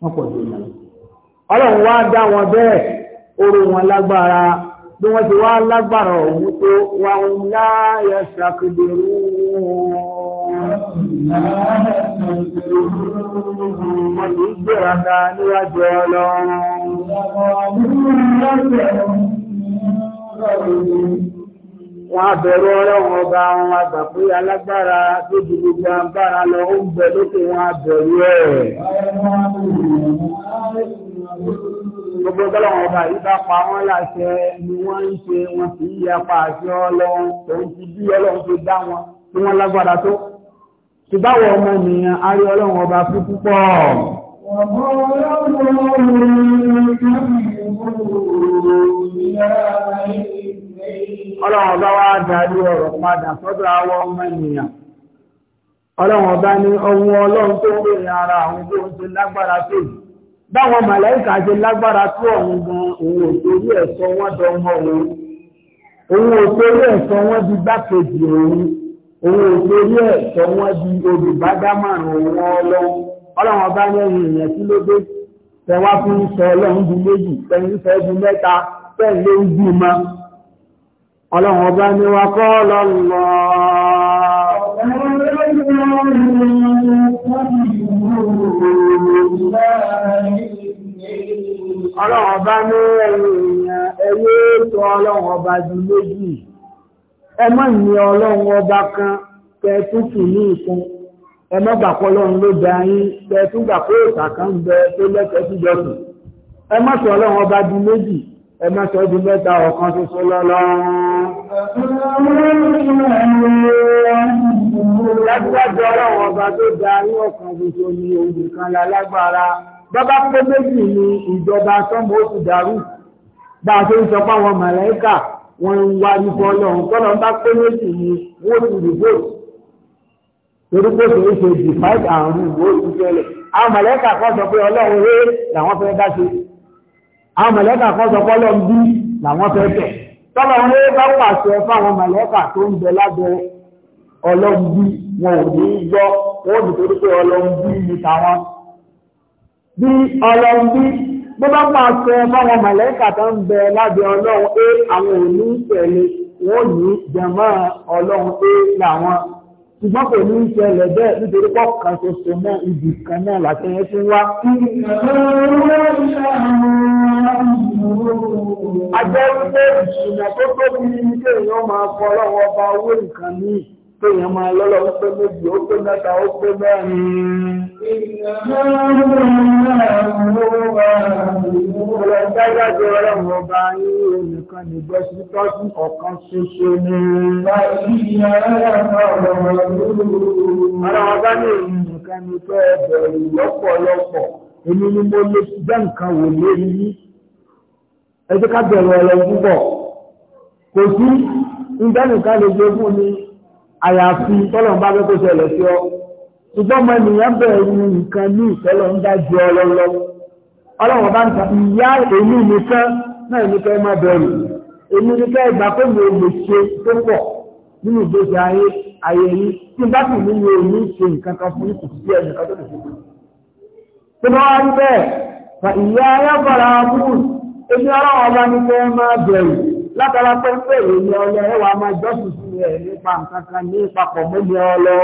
wọ́n pọ̀ sí ìlànà ọlọ́run wá dá wọn bẹ́ẹ̀ oró wọn lágbára bí wọ́n ti wá lágbára òun tó wà ń láyẹ̀ ṣàkóbèrú wọn kì í gbéraga níwájú ọlọ́run wọn abẹ̀rù ọlọ́run ọba wọn àgbà pé alágbára lójú gbogbo agbára lọ ó ń bẹ lókè wọn abẹ̀rù ẹ̀. gbogbo ọlọ́run ọba yìí bá pa wọ́n láṣẹ ni wọ́n ń ṣe wọn sì ń yapa àṣẹ ọlọ́run òun ti bí ọlọ́run ti dá wọn tí wọ́n lágbára tó. ṣùgbọ́n àwọn ọmọ ènìyàn á rí ọlọ́run ọba fún púpọ̀. Wàhálà ọ̀rọ̀ ìrìn àjò ìgbòho ìyá ayé. ọlọ́run ọba wá darí ọ̀rọ̀ padà sọ́dọ̀ awọ ọmọ ènìyàn ọlọ́run ọba ní ọwọ́ ọlọ́run tó ń rìn ara àwọn tó ń lágbára tó yìí báwọn màláìkà se lágbára tó ọ̀hún gan òun ẹ̀sọ́ wọn òun òun ẹ̀sọ́ wọn di gbákejì òun òun ẹ̀sọ́ wọn di òun ọlọ́run ọba ni wà kọ́ lọ́lọ́ ọlọ́run ọba ní ẹ̀yìnyàn ẹyẹ tó ọlọ́run ọba jù méjì ẹmọ́ ìní ọlọ́run ọba kan kẹtùtù ní ìkún ẹmọ́ gbàpọ̀ ló dá yín kẹtùgbàpọ̀ òkà bẹ tó lẹ́kẹ̀ẹ́ síjọ́sùn ẹmọ́ sọ ọlọ́run ọba jù méjì ẹgbẹ́ sọ di mẹ́ta ọ̀kan ṣoṣo lọ́lọ́run lágbàjọ ọlọ́run ọba tó dá ní ọ̀kan ṣoṣo ni òun kan lálágbára bàbá pé méjì ni ìjọba sọ́mọ oṣù dàrú bá a tó ń sọ páwọn màláíkà wọn ń wá ní fọlọ́run kọ́lọ́ bá pé méjì ni wọ́n ti dìbò torí pé kò ń ṣe dìfáìtì àrùn ìwé òṣìṣẹ́lẹ̀ àwọn màláíkà kan sọ pé ọlọ́run rẹ̀ làwọn fẹ́ dá ṣe àwọn mọ̀lẹ́kà kan sọ pọ́lọ́ ń bí làwọn fẹ́ bẹ̀ tọ́lọ̀ wọn lé bá pàṣẹ fáwọn mọ̀lẹ́kà tó ń bẹ lábẹ́ ọlọ́mbí wọn ò ní yọ wọn ò ní torí pé ọlọ́mbí ni tàwọn bí ọlọ́mbí bó bá pàṣẹ fáwọn mọ̀lẹ́kà tó ń bẹ lábẹ́ ọlọ́run pé àwọn ò ní tẹ̀lé wọn ò ní jẹmọ́ ọlọ́run pé làwọn ṣùgbọ́n kò ní ìṣẹ̀lẹ̀ bẹ́ẹ̀ nítorí pọ́ kan ṣoṣo mọ́ ibì kan náà láti yẹn ṣe wá. Ajẹ́ pé ìṣúná tó tóbi ní ilé ìyọ́ máa fọ́ lọ́wọ́ ọba owó nǹkan míì pé èèyàn máa lọ́lọ́ ó pé méjì ó pé mẹ́ta ó pé mẹ́rin. Ọlọ́dájáde ọlọ́run ọba yìí onìkan nìgbẹ́ sí tọ́sí ọ̀kan ṣoṣo ni. Ara ọba ní èyí nìkan ni pé ẹ̀bẹ̀rù lọ́pọ̀lọpọ̀. Èmi ni mo lè jẹ́ nǹkan wò lórí yìí. Ẹ jẹ́ ká bẹ̀rù ọ̀rọ̀ Kò sí ìdánìkan lè jogún ni. àyàfi tọ́lọ̀ ń bá ṣẹlẹ̀ sí ọ ṣùgbọ́n ọmọ ènìyàn bẹ̀rù nǹkan ní ìtọ́lọ̀ ju ọlọ́lọ́ bá ń ta ìyá èmi nìkan náà nìkan ẹ má bẹ̀rù èmi nìkan ìgbà pé mi ò lè ṣe tó pọ̀ nínú ayé ayé yìí tí bá sì ní mi ò ní ṣe nǹkan kan fún sí ẹnì kan tó látara pé ń pè èyí ọlọ ẹ wàá máa jọ́sìn sí ẹ nípa nǹkan kan ní papọ̀ mẹ́ni ọlọ.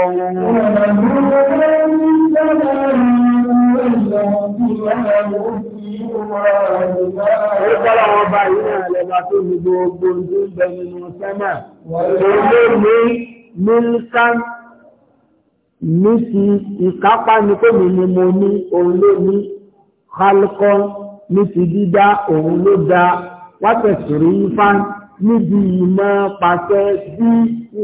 Ìgbọ́lá wọn bá yìí náà lẹ́gbàá ní gbogbo ojú ń ìkápá ni pé mi ni mo ní òun ló ní. Kálkọ́ ní ti dídá òun ló dáa wátẹ̀sìrì ifá níbi ìmọ̀ pàṣẹ bí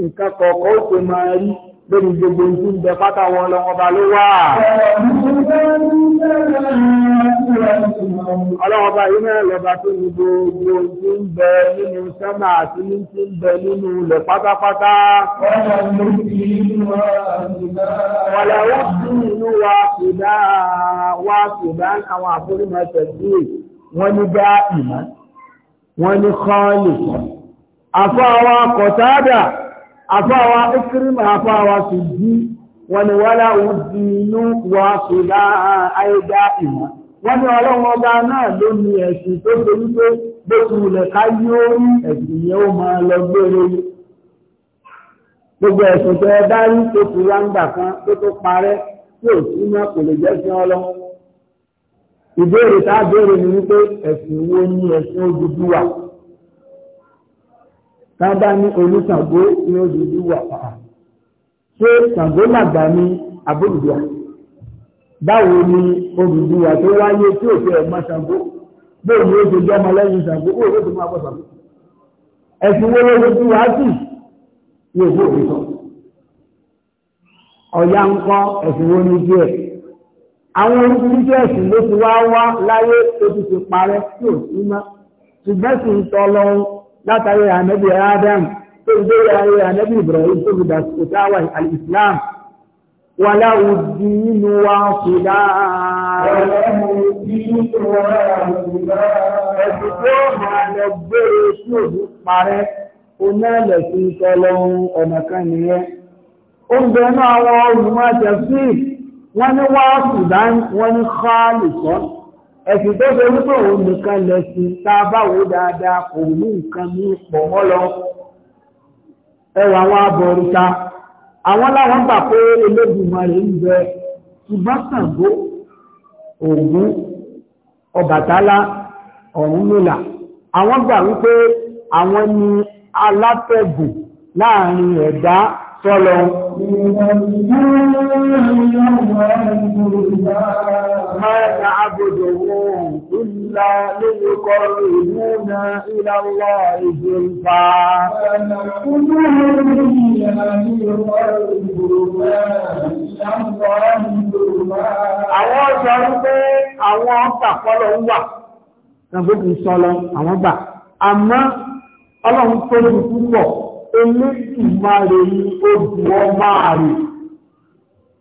nǹkan kọ̀ọ̀kọ́ ó ṣe máa rí lórí gbogbo ìlú ń bẹ pátá wọn lọ́wọ́ bá ló wà. ọlọ́wọ́ bá yìí náà lọ́ba tó ní gbogbo ìlú ń bẹ nínú sẹ́mà àti ní ti ń bẹ nínú ilẹ̀ pátápátá. wàlẹ̀ ó sì inú wa kùdá wa kùdá àwọn àforímọ̀ ẹ̀sẹ̀ sí wọ́n ní bá ìmọ̀ wọ́n ní kọ́ọ̀lì afáwa kọ̀tádà afáwa ikirima afáwa sùdí wọ́n ní wọ́lá òdìnú wà sùdá àìdá ìmọ̀ wọ́n ní ọlọ́run ọba náà ló ní ẹ̀sìn tó ṣe wípé bó ti wùlẹ̀ ká yí ẹ̀sìn yẹn ó máa lọ gbére gbogbo ẹ̀sìn tó ẹ bá tó ti wá kan tó tó parẹ́ tí ò sí náà kò lè jẹ́ sí ọlọ́run ìbéèrè tá a béèrè ni wípé ẹ̀sìn wo ni ẹ̀sìn Odùduwà tá a bá ní oníṣàngó ní Odùduwà pàà ṣé Ṣàngó làgbà ní abódùdúwà báwo ni Odùduwà tó wáyé tí ò fẹ́ ẹ̀mọ́ Ṣàngó bóò ni ó ṣe jẹ́ ọmọlẹ́yìn Ṣàngó bóò ló ti máa bọ̀ Ṣàngó ẹ̀sìn wo ló ti wá sí yóò fò òfin sọ ọ̀yá ńkọ́ ẹ̀sìn wo ni díẹ̀ àwọn oríṣiríṣi ẹ̀sìn ló ti wá wá láyé tó ti ti parẹ́ tí ò sí mọ́ ṣùgbọ́n sì ń tọ́ lọ látàrí ànábì adam tó ń gbé ayé ànábì ibrahim tó fi dàsìkò táwà alìsílám wà láwùjí nínú wa ṣùdá ẹ̀sìn tó máa lọ gbére tí ò ní parẹ́ onílẹ̀ sí ń tọ́ lọ ọ̀nà kan nìyẹn ó ń bẹnu àwọn olùmọ̀ tẹ̀síì wọ́n ní wá Sudan wọ́n ní kọ́ọ̀lùsọ́ ẹ̀sìn tó ṣe wípé òun nìkan lẹ̀sìn tá a báwo dáadáa kò ní nǹkan ní pọ̀ mọ́ lọ ẹwà àwọn abọ̀rìta àwọn láwọn gbà pé Elédùmarè ń bẹ ṣùgbọ́n Ògún Ọbàtálá Ọ̀rúnmìlà àwọn gbà wípé àwọn ni alátẹ̀gùn láàrin ẹ̀dá sọ́lọ. Mẹ́ta àbòdò wọn ìlà lórúkọ ìmúna ìlàlọ́ ìjọba. Àwọn ọjọ́ wípé àwọn ọgbà kọ́lọ ń wà, ẹgbẹ́ kìí sọ́lọ àwọn gbà. Àmọ́ ọlọ́run tó lè Elédùmarè ni ojú ọmọ àrè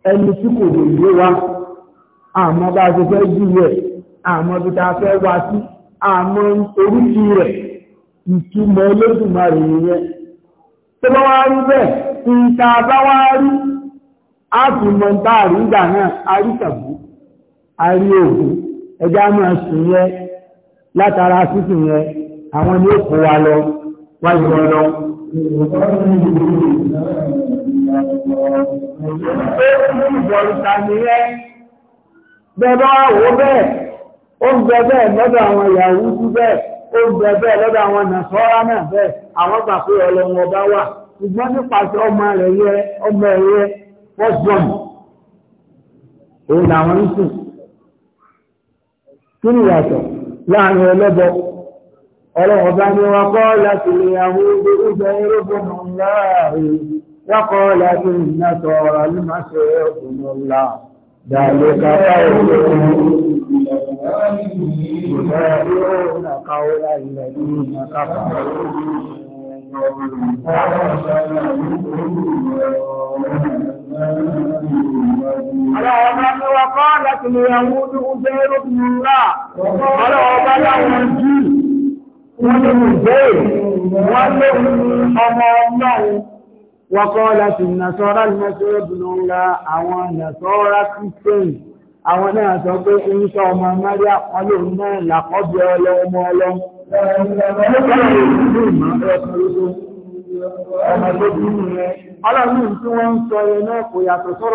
ẹni tí kò lè wa àmọ́ bá ṣe fẹ́ jù rẹ̀ àmọ́ bí ta fẹ́ wá sí àmọ́ oríṣi rẹ̀ ìtumọ̀ Elédùmarè nìyẹn tó bá wá rí bẹ́ẹ̀ tí ta wá rí àfìmọ̀ tá a rí ìgbà náà a rí si a rí òògùn ẹja máa sùn yẹn wá ìwọ lọ. Ṣé ìwọ ìtàní rẹ? Bẹ́ẹ̀ bá wò bẹ́ẹ̀, ó ń bẹ bẹ́ẹ̀ lọ́dọ̀ àwọn ìyàwó sí bẹ́ẹ̀, ó ń bẹ bẹ́ẹ̀ lọ́dọ̀ àwọn nàṣọ́rá náà bẹ́ẹ̀, àwọn gbà pé ọlọ́run ọba wà. Ṣùgbọ́n nípasẹ̀ ọmọ rẹ̀ yẹ ọmọ ẹ̀yẹ fọ́sọ̀m. Òun làwọn ń sùn. Kí ni ìyàtọ̀ láàrin ọlọ́bọ ọlọ́run bá ní wọn kọ́ láti lè àwọn obìnrin ìfẹ́ irúgbọ́nà ńlá rẹ̀ wọ́kọ́ láti ìrìnà sọ̀rọ̀ ní máa ṣe ọkùnrin ńlá dàlẹ́ kápá ìlú Ọlọ́wọ́ bá ní wọ́kọ́ láti lè àwọn obìnrin ìfẹ́ irúgbọ́nà ńlá, ọlọ́wọ́ bá láwọn jù wọ́n ló mú ìbéèrè wọ́n ló ọmọ ọlọ́run wọ́kọ́ láti sọ ọmọ wọn ló ń náà làkọ́bí ọlọ́mọ ọlọ́run ọlọ́run tí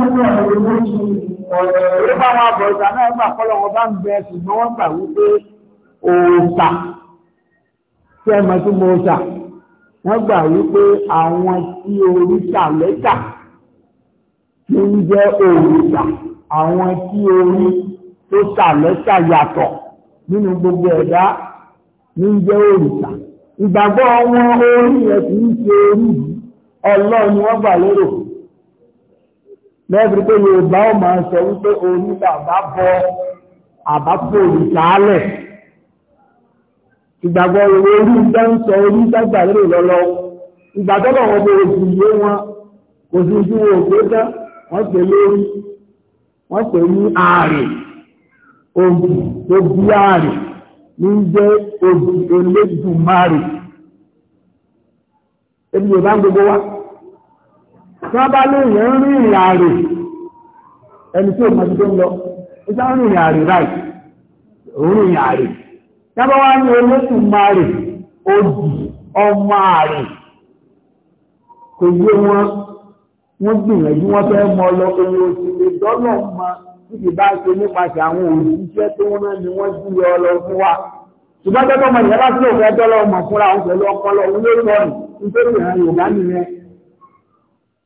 wọ́n ń sọ Orí báwọn abọ̀ọ̀sà náà gbà kọ́lọ̀ wọn bá ń bẹ ṣùgbọ́n wọ́n gbà wípé òòṣà tí ẹ mọ̀ tí mo ṣà wọ́n gbà wípé àwọn tí oríṣà lẹ́ṣà tí ń jẹ́ òòṣà àwọn tí orí tó ṣà lẹ́ṣà yàtọ̀ nínú gbogbo ẹ̀dá ní jẹ́ òrìṣà ìgbàgbọ́ wọn orí ẹ̀ kì í ṣe orí yìí ni wọ́n gbà lérò lẹ́bí pé Yorùbá ó máa sọ wípé orí bàbá bọ àbápò ìtàálẹ̀ ìgbàgbọ́ ìwé orí ìgbà ń sọ orí ìgbàgbà lérò lọ́lọ́ ìgbàgbọ́lọ̀ wọn bó oṣù yé wọn kò sí ojú wo òkú tán wọ́n pè lórí wọ́n pè ní ààrẹ òbí tó bí ààrẹ ní jẹ́ òbí elédùnmáàrè ebi Yorùbá ń gbogbo wa bá léèyàn ń rí ìrìn àrè ẹni tí òun ọdún tó ń lọ ìjá ń rìn àrè ráì òun rìn àrè tábà wá ní olóṣù máa rè ọmọ àrè kò yé wọn wọ́n gbìyànjú wọ́n fẹ́ mọ lọ oye òṣèlè dọ́nà mọ títí bá ṣe nípasẹ̀ àwọn òṣìṣẹ́ tó wọ́n náà ni wọ́n jí lọ lọ fún wa ṣùgbọ́n tẹ́tọ́ mọ̀ nígbà tí òun fẹ́ dọ́lọ́ mọ̀ fúnra òun pẹ̀lú ọpọlọ òun ló sọ ní nítorí ìran Yorùbá nìyẹn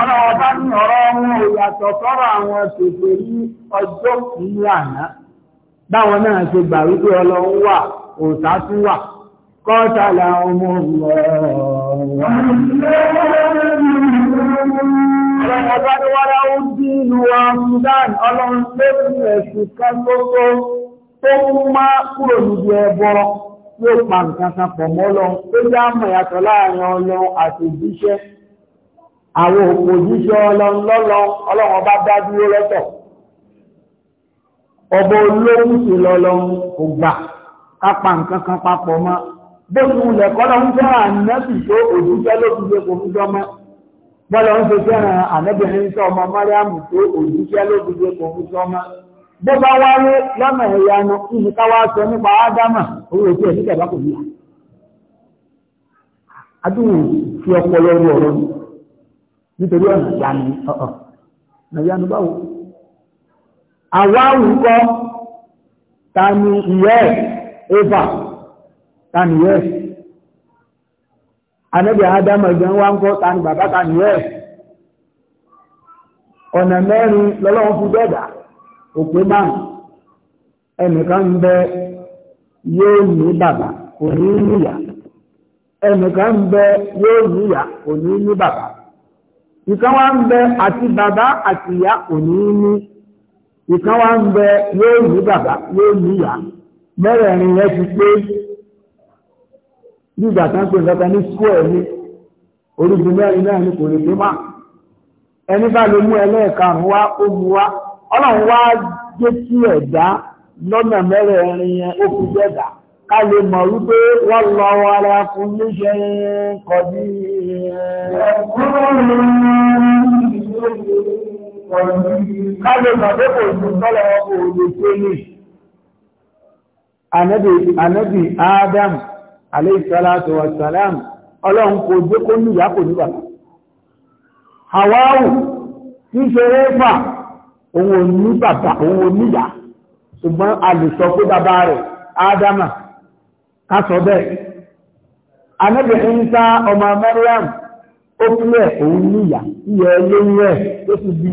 Ọlọ́wọ́ bá ní ọ̀rọ̀ wọn ò yàtọ̀ sọ́rọ̀ àwọn ṣètò ní ọjọ́ kìí àná. Báwọn náà ṣe gbà wípé Ọlọ́run wà, òòṣà tún wà. Kọ́tàlá ọmọ Ọlọ́run. Ọlọ́run Yóò pa nǹkan kan pọ̀ mọ́ lọ, ó já mọ̀ yàtọ̀ láàrin ọlọ́run àti ìbíṣẹ́. àwọn òpòjíṣẹ́ ọlọ́lọ́ ọlọ́wọ́n bá dá dúró lọ́tọ̀ ọba olóhùn sí lọ́lọ́run kò gbà kápá nǹkan kan papọ̀ mọ́ bó ti wulẹ̀ kọ́ lọ́n fẹ́ràn ànẹ́bì tó òjíṣẹ́ ló fi ṣe kò fi ń ṣe fẹ́ràn ànẹ́bìnrin ọmọ mariamu tó òjíṣẹ́ ló fi ṣe kò fi bó bá wáyé lọ́nà ìyanu ká wá sọ nípa Ádámà ẹ̀ nígbà bá kò fi ọpọlọ rú ọ̀rọ̀ nítorí ọ̀nà ìyanu ọ̀ọ̀ ọ̀nà ìyanu báwo àwáwù kọ́ ta ni ìyẹ́ eva ta ni ìyẹ́ anẹ́bí adama ìgbẹ̀ wá ń kọ́ ta ni bàbá ta ni ìyẹ́ ọ̀nà mẹ́rin lọ́lọ́wọ́ fún dẹ́dà òpé márùn ẹnìkan ń bẹ yóò ní bàbá kò ní níyà ẹnìkan ń bẹ yóò níyà kò ní ní bàbá ìkan wá ń bẹ àti bàbá àti ìyá kò ní ní ìkan wá ń bẹ yóò ní bàbá yóò ní ìyá mẹ́rẹ̀ẹ̀rin rẹ ti pé kan pé nǹkan ní ní mẹ́rin náà ni kò lè dé mà ẹni bá lè mú ẹlẹ́ẹ̀karùn-ún wá ó mu wá ọlọ́run wá jẹ́ kí ká lè mọ̀ wípé wọ́n lọ ara fún léṣẹ́ kọjú ká lè mọ̀ pé kò sí tọ́lọ̀ òòlù tó lè ànábì Adam aléìsọ́látò wàsàlám ọlọ́run kò jẹ́ kó ní ìyá kò ní bàbá Hawawu tí ṣe rẹ́fà òun ò ní bàbá òun ò níyà ṣùgbọ́n a pé bàbá rẹ̀ Adama kásọ̀ bẹ́ẹ̀ anábì Ìsá ọmọ Mariam ó kílẹ̀ òun níyà iyẹ̀ lóyún tó ti bí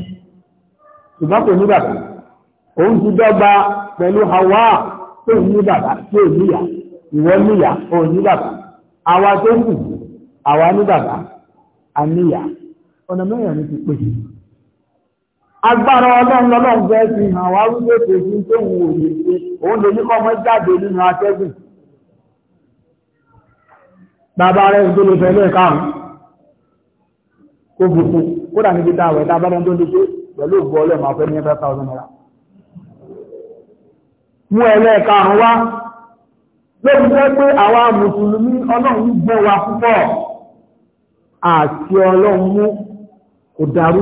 ṣùgbọ́n kò ní bàbá òun ti dọ́gba pẹ̀lú Hawa tó ní bàbá tí níyà ìwọ níyà ò ní bàbá àwa tó kù àwa ní bàbá àníyà ọ̀nà mẹ́rin ti pè agbára ọlọ́run lọ́lọ́run fẹ́ fi hàn wá wípé kò sí òun lè ní bàbá rẹ̀ tó lè fẹ́lẹ̀ káàrùn kó bùkú kódà níbi dáwẹ̀ dábá rẹ̀ tó lè ṣe pẹ̀lú ògbó ọlẹ́ ma fẹ́ ní ẹgbẹ́ thousand naira mú ẹlẹ́ káàrùn wá lóbi jẹ́ pé àwa mùsùlùmí ọlọ́run gbọ́ wa púpọ̀ àti ọlọ́run mú kò dàrú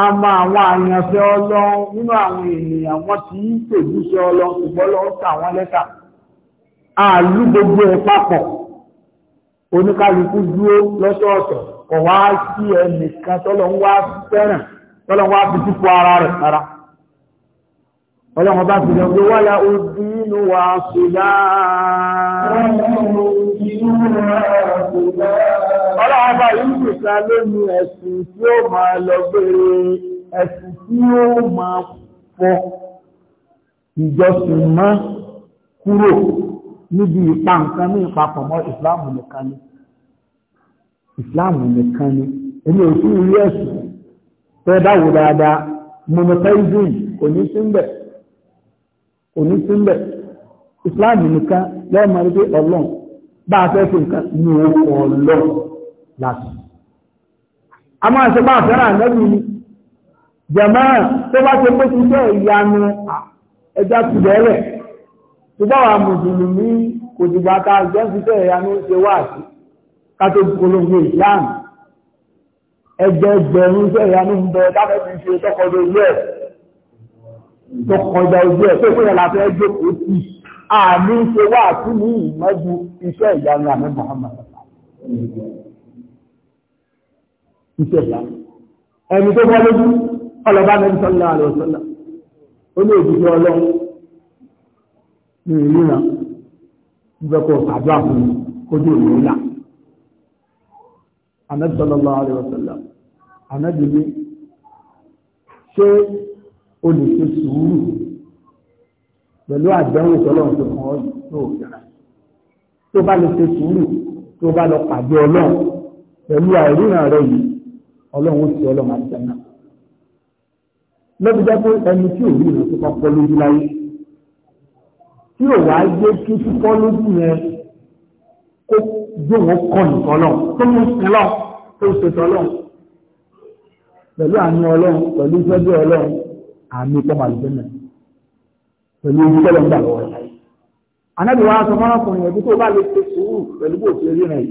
a ma àwọn àyànfẹ́ ọlọ́run nínú àwọn ènìyàn wọ́n ti ń pèjú sí ọlọ́run ṣùgbọ́n lọ́wọ́ sí àwọn lẹ́tà àlú gbogbo ẹ̀ papọ̀ oníkálukú dúró lọ́sọ̀ọ̀sọ̀ kọ̀ wá sí ẹnìkan tọ́lọ́run wá fẹ́ràn tọ́lọ́run wá wa ṣùgbọ́n bá yìí nìkan ló ní ẹ̀sìn tí ó máa lọ gbére ẹ̀sìn tí ó máa fọ ìjọsìn mọ́ kúrò níbi ìpa nǹkan ní ìpapọ̀ mọ́ ìsìláàmù nìkan ni ìsìláàmù nìkan ni èmi ò sí ilé ẹ̀sìn tẹ́ dáwò dáadáa monotheism kò ní síbẹ̀ kò ní síbẹ̀ ìsìláàmù nìkan lẹ́ẹ̀mọ́ wípé ọlọ́run bá a fẹ́ fi nǹkan ní orúkọ ọlọ́run láti. a máa ṣe bá àfẹ́rà lẹ́bí jẹ̀mọ́ tó bá ṣe pé ṣiṣẹ́ ìyanu ẹja ti bẹ̀rẹ̀ tó bá wà mùsùlùmí kò dìgbà ká jẹ́ ṣiṣẹ́ ìyanu ṣe wà sí kátó polongo ìsìláàmù ẹgbẹ̀ẹgbẹ̀rún ṣẹ́ ìyanu ń bẹ dáfẹ́ ti ṣe tọkọdọ ojú ẹ̀ tọkọdọ ojú ẹ̀ tó ìpínlẹ̀ láti ẹjọ́ kò sí àmì ṣe wà sí ní ìmọ́jú iṣẹ́ ìyanu àmì Muhammad iṣẹ́ ìyá ẹni tó bọ́ lójú ọlọ́bá nẹ́bí sọ́lá àrẹ ọ̀sọ́lá ó ní òjijì ọlọ́run ní ìlú náà nígbà kó sàdúrà fún mi kójú òní ńlá ànábì sọ́lá àrẹ ọ̀sọ́lá ànábì ní ṣé o lè ṣe sùúrù pẹ̀lú àdéhùn tọ́lọ́run tó kàn ọ́ tó ọlọ́run ó ti ọlọ́run àti ẹ̀nà. lọ́bi jẹ́ pé ẹni tí ò rí ìrìn tó kọ́ lójú láyé tí ò wá yé kí kíkọ́ lójú yẹn kó gbé wọn kọ́ nìkan lọ tó ń sin lọ tó ń ṣètò ọlọ́run pẹ̀lú àánú ọlọ́run pẹ̀lú ìfẹ́jú ọlọ́run àmì ìpọ́nmọ̀ àlùfẹ́mẹ̀ pẹ̀lú ojú tọ́lọ́ ń gbà lọ́wọ́ rẹ̀. Ànábì wa sọ fọ́nrọ́kùnrin ẹ̀bí tó bá lè ṣe sùúrù pẹ̀lú bó ṣe rí rẹ̀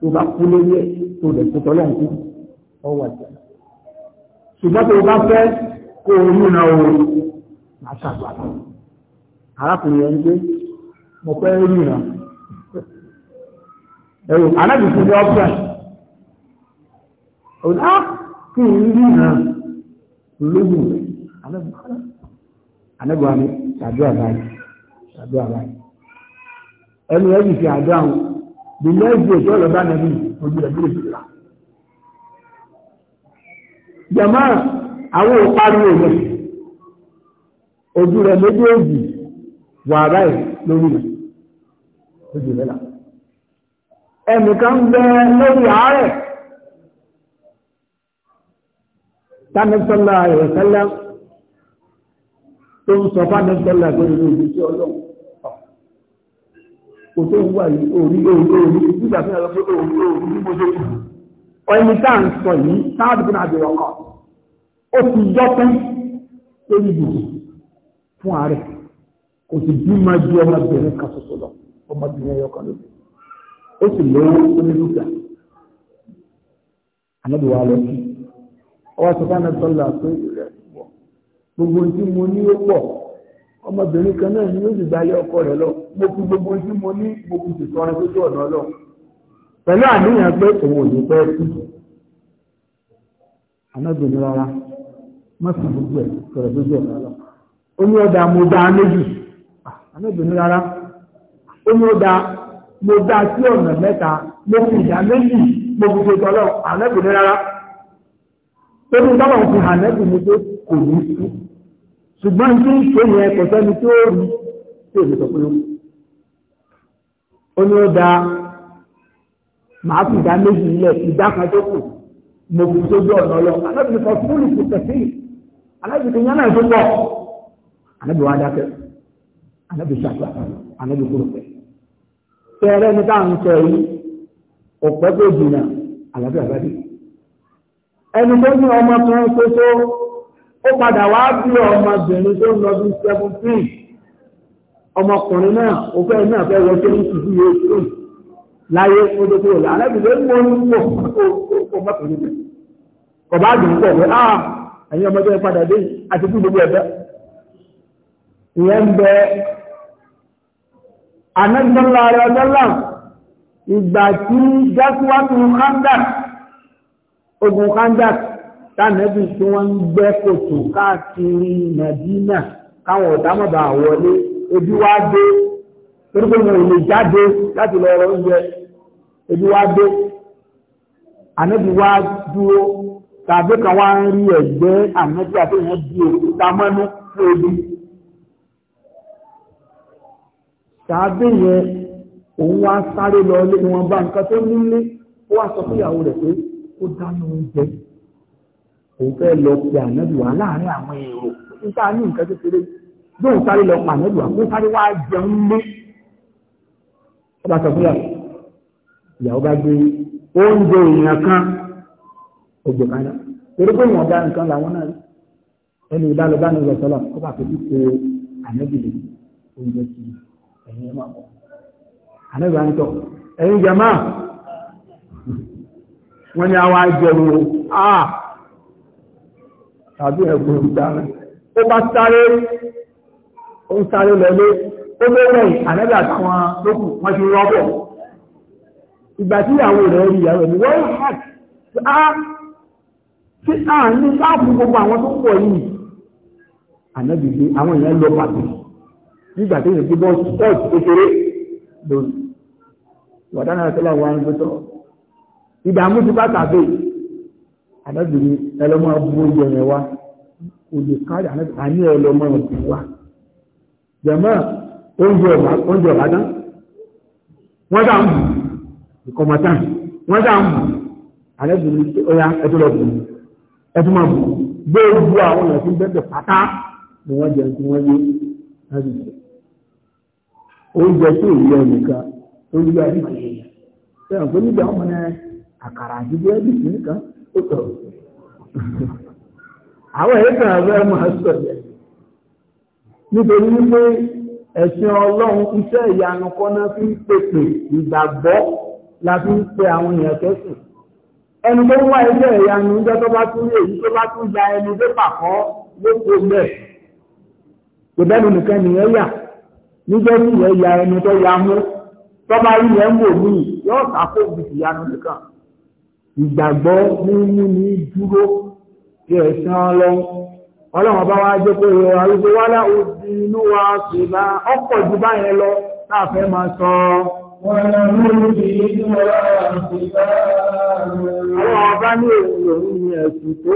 tó bá kú lórí ẹ̀ tó lè ṣe tọ́lọ́run kú. ọwọ́ ẹ̀ ṣùgbọ́n tó bá fẹ́ kó o na o máa arákùnrin ń na ẹ̀rù ní ah, ọ́pẹ́ jẹ̀mọ́ àwọn òpariwo rẹ̀ ojú rẹ̀ méjèèjì wà báyìí lórí rẹ̀ ojú rẹ̀ là ẹnìkan bẹ lórí àárẹ̀ tánẹ́sọ́lá ìrẹ̀sẹ́lá tó ń sọ fánẹ́sọ́lá pé ìlú ìlú sí ọlọ́run kò tó ń wà yìí orí orí orí nígbà tí a lọ pé orí orí ní mo ṣe kù ẹni tá à ń sọ yìí sáàdì fún àbẹ̀rẹ̀ ọkọ̀ ó ti dọ́pẹ́ lórí ìdìbò fún ààrẹ kò sì bí máa ju ọmọbìnrin kan ṣoṣo lọ ọmọbìnrin ẹyọ kan lóde ó sì lówó onílùkà ànábì wa lọ sí ọwọ́ sọ fún ànábì sọ́lá pé gbogbo tí mo ní ó pọ̀ ọmọbìnrin kan náà ni ó sì gba ọkọ rẹ̀ lọ mo fi gbogbo tí mo ní mo fi sì tó ọ̀nà ọlọ́run pẹ̀lú àníyàn pé òun ò ní pẹ́ sí anábìnrin rárá mọ́sàn gbogbo ẹ̀ sọ̀rọ̀ gbogbo ẹ̀ ní ọ̀dà mo dá méjì rárá ọ̀dà mo dá sí ọ̀nà mẹ́ta mo fi ìdá méjì mo fi ṣètò ọlọ́ rárá tó ní sábà fi pé kò màá fi ìdá méjì ilẹ̀ ìdá kan tó kù mo fi sójú ọ̀nà lọ alábìrin kan fúlù kù tẹ̀sí alábìrin yánà ètò pọ̀ alábìrin wa dákẹ́ alábìrin ṣàkóso alábìrin kúrò pẹ̀. tẹ́rẹ́ ní táà ń sọ yìí ọ̀pẹ́ tó jìnnà àlàáfíà bá dé. ẹni tó ní ọmọ kan ṣoṣo ó padà wá bí ọmọbìnrin tó ń lọ bí seventeen ọmọkùnrin náà ó fẹ́ náà fẹ́ wọ twenty two years old láyé ojú kúrò lálẹ́bìnrin mọ́ ní pọ̀ kó mọ́ pẹ̀lú rẹ̀ kọ̀ bá dùn pọ̀ pé á ah, ẹ̀yin ọmọdé padà dé àti fún gbogbo ẹ̀bẹ́ ìyẹn ń bẹ anẹ́gbọ́nlá rẹ̀ ọjọ́lá ìgbà tí jásíwájú khandak ogun khandak tánẹ́bì tí wọ́n ń gbẹ́ kòtò káàkiri Madina káwọn ọ̀dámọ̀bà wọlé ebi wá dé torí pé wọn ò lè jáde láti lọ ọ̀rọ̀ oúnjẹ ebi wá dé ànábi wá dúró tàbí kan wá ń rí ẹ̀gbẹ́ ànábi àti ìyẹn di òkúta mọ́nú fún ebi tàbí yẹn òun wá sáré lọ lé wọn bá nǹkan tó nílé ó wá sọ fún ìyàwó rẹ̀ pé ó dáná oúnjẹ òun fẹ́ lọ pe ànábi wá láàárín àwọn èrò níta ní nǹkan kékeré lóun sáré lọ pa ànábi wá kó sáré wá jẹun lé ọba sọ fún ìyàwó ìyàwó bá gbé oúnjẹ èèyàn kan ọgbọ̀n kan náà torí pé wọn dá nǹkan làwọn náà ẹni ìdálọ bá ní ìwọ sọlọ ó bá fẹjú ko ànábìlẹ oúnjẹ sí ẹ̀yìn ẹmọ àpọ ànábìlẹ àńtọ ẹ̀yìn jama wọn ni àwọn àjẹrò a tàbí ẹgbẹ́ ìdáná ó bá sáré ó ń sáré lọlé ó lé lẹ́yìn ànábìlẹ àtàwọn lókù wọn ti rọbọ ìgbà tí ìyàwó rẹ̀ rí ìyàwó ẹ̀mí wọ́n hàt tí a ní láàbù gbogbo àwọn tó pọ̀ yìí ànábìgbé àwọn èèyàn lọ pàtó nígbà tí ìrìnkí bọ́ spọ́ọ̀tì kékeré lórí wàdánà àtọ́lá wa ń gbẹ́tọ̀ ìdààmú ti bá tàbí ànábìgbé ẹlọ́mọ abúlé yẹn wa òye kárí àní ẹlọ́mọ ọ̀dùn wa jẹ̀mọ́ oúnjẹ ọ̀bá tán wọ́n dà ń bù ìkọmọ̀tà wọ́n dà ń bù alẹ́bùnrin ọya ó yá ẹtùlọ́bù ẹtùmọ̀bù gbóògbó àwọn ọ̀nà tí bẹ́ẹ̀ pátá ni wọ́n jẹ tí wọ́n yé láti jẹ oúnjẹ yẹ tó àkàrà sí nìkan ó tọ̀ àwọn kan nítorí wípé ẹ̀sìn ọlọ́run iṣẹ́ ìyanu kọ́ná fi ń pèpè ìgbàgbọ́ la fi ń pe àwọn èèyàn kẹ́sùn ẹni tó wá ẹgbẹ́ ẹ̀yà ni oúnjẹ tó bá tún rí èyí tó bá tún gba ẹni tó pàkọ́ lóko bẹ́ẹ̀ kò bẹ́nu nìkan nìyẹn yà níjẹ́ tí ìyẹn ya ẹni tó ya mú tọ́ba rí yẹn ń wò mí yóò sáfò bí ìyanu nìkan ìgbàgbọ́ ní mímí dúró kí ẹ̀sán ọlọ́run ọlọ́run ọba wa jẹ́ pé ìrora wípé wálá òdì inú wa sì bá ọkọ̀ ju báyẹn lọ táà fẹ́ máa sọ ọ́ Àwọn ọba ní èèyàn ní ẹ̀sùn tó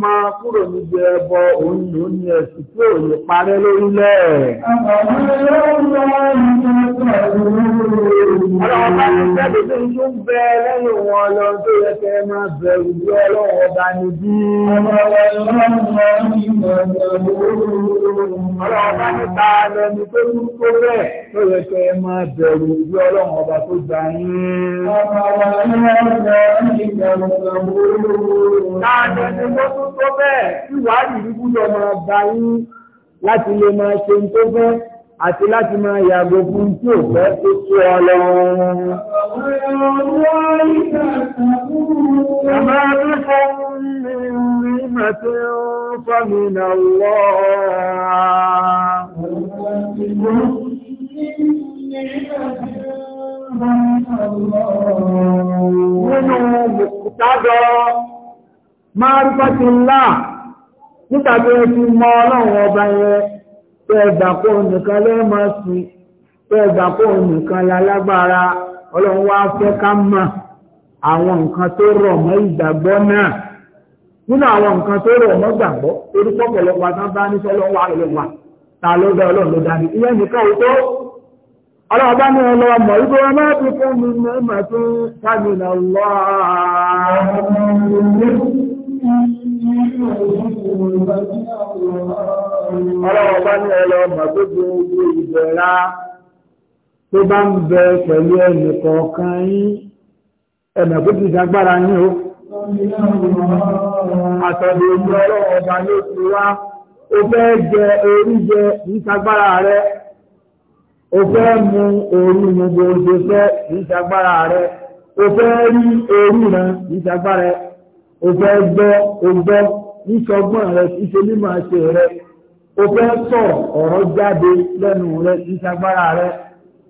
máa kúrò níbi ẹbọ òun ló ní ẹ̀sùn tí ò lè parẹ́ lórílẹ̀. Àwọn ọba ní ìjẹ́bẹ̀ tó ń tó ń bẹ lẹ́yìn wọn lọ tó yẹ kẹ́ máa bẹ̀rù bí ọlọ́wọ́ ọba ní bí. Àwọn ọba ní ta lẹ́ni tó ń kó bẹ́ẹ̀ tó yẹ kẹ́ máa bẹ̀rù bí ọlọ́wọ́ ọlọ́run ọba tó gbà yín. Àbàwà ní ọjà ìgbà ìgbàgbọ́. Láàdé ni mo tún tó bẹ́ẹ̀ tí wàádìí dúdú lọ máa gbà yín láti lè máa ṣe ń tó fẹ́ àti láti máa yàgò fún tí ò fẹ́ tó tó ọ lọ. Àmọ́ ẹni fún mi Nínú mùkútádọ́ máa rí pàtí ńlá nítàbí ẹ̀kí mọ ọlọ́run ọba yẹn nìkan lẹ́mọ̀ sí nìkan ọlọ́run wá fẹ́ ká mọ̀ àwọn nǹkan tó rọ̀ mọ́ ìgbàgbọ́ náà nínú àwọn nǹkan tó rọ̀ mọ́ gbàgbọ́ torí pọ́pọ̀lọpọ̀ ọlọ́ọ̀bá ní ọlọ́wà mọ̀ wípé wọ́n máa fi fún mi ní ẹ̀mà tó ń sàmìnà lọ́ ọlọ́ọ̀bá ní ọlọ́ọ̀mà tó bí ogun ìbẹ̀ra tó bá ń bẹ pẹ̀lú ẹnì kọ̀ọ̀kan yín ẹ̀mà tó ti sagbára yín o àtọ̀dọ̀ ogun ọlọ́ọ̀bá ló ti wá ó fẹ́ jẹ orí jẹ ìsagbára rẹ̀ o fẹ́ mu orí mu bó ṣe fẹ́ ìṣàgbára rẹ o fẹ́ rí orí rẹ ìṣàgbára rẹ o fẹ́ gbọ́ o gbọ́ ìṣọgbọ́n rẹ ìṣe mímọ̀ ṣe rẹ o fẹ́ sọ̀rọ̀ ọ̀rọ̀ jáde lẹ́nu rẹ ìṣàgbára rẹ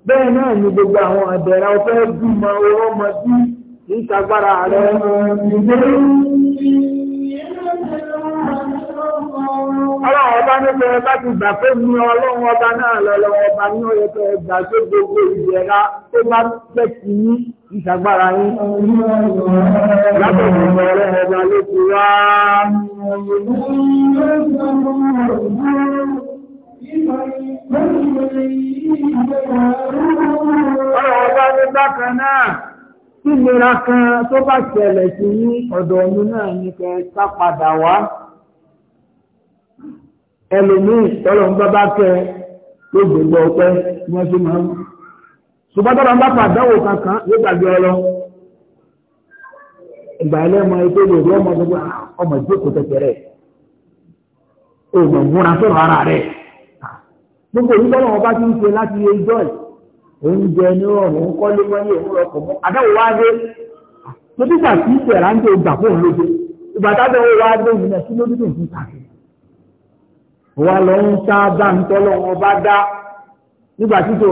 bẹ́ẹ̀ náà ni gbogbo àwọn àbẹ̀rẹ̀ o fẹ́ bímọ owó ọmọ bí ìṣàgbára rẹ. Ọlọ́run ọba nípa ẹbá ti gbà pé ní ọlọ́run ọba náà lọ́lọ́run ọba ní ọyẹ tó ẹgbà tó gbogbo ìjẹra tó bá pẹ́ sí ní ìṣàgbára yín. Látọ̀ ìgbà ọlọ́run ọba ló ti wá. Ọlọ́run ọba ní bákan náà tí ìlera kan tó bá ṣẹlẹ̀ sí ní ọ̀dọ̀ ọ̀nù náà ní kẹ́ sá padà wá ẹlòmíì tọ́lọ̀ ń bá bá kẹ ló gbogbo ọpẹ́ wọ́n sí máa ń ṣùgbọ́n tọ́lọ̀ ń bá pàdánwò kankan ló gbàgbé ọlọ ìgbà ẹlẹ́mọ ẹgbẹ́ lè rí ọmọ gbogbo ah, ọmọ ìjókòó tẹ̀tẹ̀rẹ̀ ọmọ múra sọ̀rọ̀ ara rẹ̀ gbogbo ìlú tọ́lọ̀ wọn bá ti ń ṣe láti iye ijọ́ ẹ̀ oúnjẹ ní ọ̀run kọ́lé wọ́nyẹ̀ ìmúrọ̀kọ̀ mọ́ adáwò wá dé tó bí sàkíyèsí ẹ̀ráńdé wa lọ ń sábà ń tọ́lọ́ wọn dá nígbà tí kò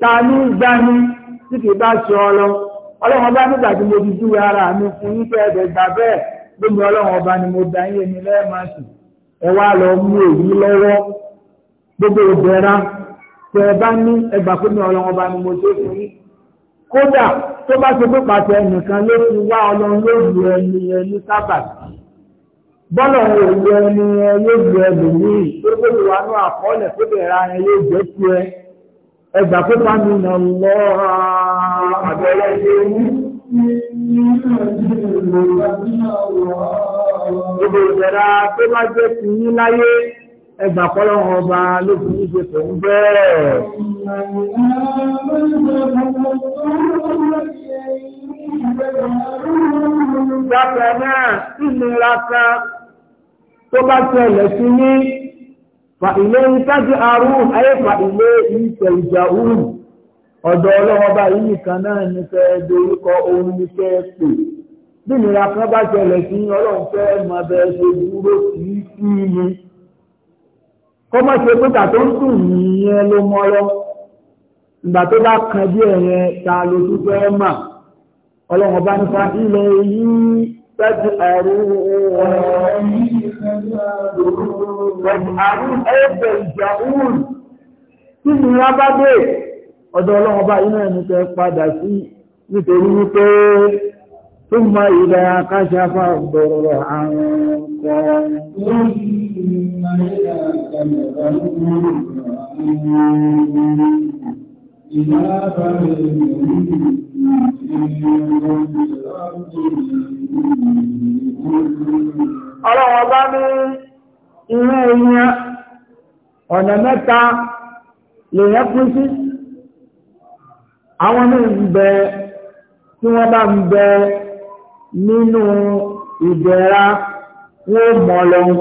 ta ní gbani tí kì í bá ṣe nígbà tí mo ti júwe ara mi fún yín fẹ́ bẹ́ẹ̀ lómi ni mo dá lẹ́ẹ̀mọ́sì ẹ gbogbo tẹ ẹ bá ní ẹgbà mi ọba ni mo ṣe fún yín kódà tó bá ṣe pé pàṣẹ bọ́lọ̀ wo ìlú ẹni ẹ yóò gbé ẹlòmíì tó gbèsè wà ní àkọọ́lẹ̀ tó bẹ̀rẹ̀ ara yóò jẹ́ sí ẹ ẹgbà tó bá mi nà lọ àbẹ̀rẹ̀ ṣe ní. Gbogbo ìjẹ̀ra tó bá jẹ́ ti yín láyé ẹgbà pọ́lọ́wọ́n ọba ló fi ní ṣe tòun bẹ́ẹ̀. Gbàgbẹ́ náà, ìlera kan. tó bá tẹ̀lẹ̀ sí ní fàìlẹ́ ìtàjú àrùn ayé fàìlẹ́ ìtẹ̀lẹ̀jà òun ọ̀dọ̀ ọlọ́wọ́ba yìí nìkan náà ní fẹ́ dorúkọ òun ní fẹ́ pè bí kan bá tẹ̀lẹ̀ sí ọlọ́run fẹ́ mọ bẹ ṣe dúró sí iye kọ́ mọ́ ṣe pẹ́ta tó ń sùn yẹn ló Àrùn ẹ̀ẹ́fẹ̀ ìjàúrù tí ni wọ́n bá dé ọ̀dọ̀ ọlọ́run bá iná ẹni tẹ padà sí nítorí wípé tó mọ ilẹ̀ akáṣafà gbọ̀rọ̀ àrùn kan. Thank ọlọ́wọ́ bá ní inú ìyẹn ọ̀nà mẹ́ta lèyàn pín sí àwọn ní ìbẹ tí wọ́n bá ń bẹ nínú ìdẹ̀ra wọ́n mọ̀ lọ́wọ́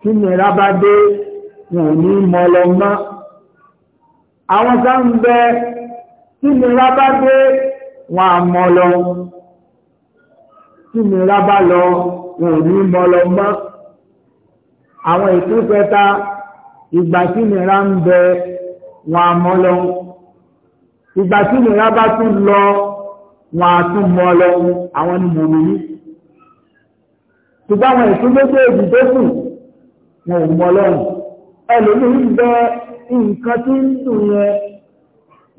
tí nira bá dé wọn ò ní mọ̀ lọ́wọ́ mọ́ àwọn kan ń bẹ tí nira bá dé wọn à mọ̀ lọ́wọ́ tí nira bá lọ wọn ò ní mọ lọ mọ́ àwọn ìtúpẹta ìgbà tí nira ń bẹ wọn á mọ lọ ìgbà tí nira bá tún lọ wọn á tún mọ lọ àwọn ni mò ń yí ṣùgbọ́n àwọn ìtúpẹ́tẹ̀ẹ́dì tó kù wọn ò mọ lọ́rùn ẹlòmíì bẹ nǹkan tí ń dùn yẹn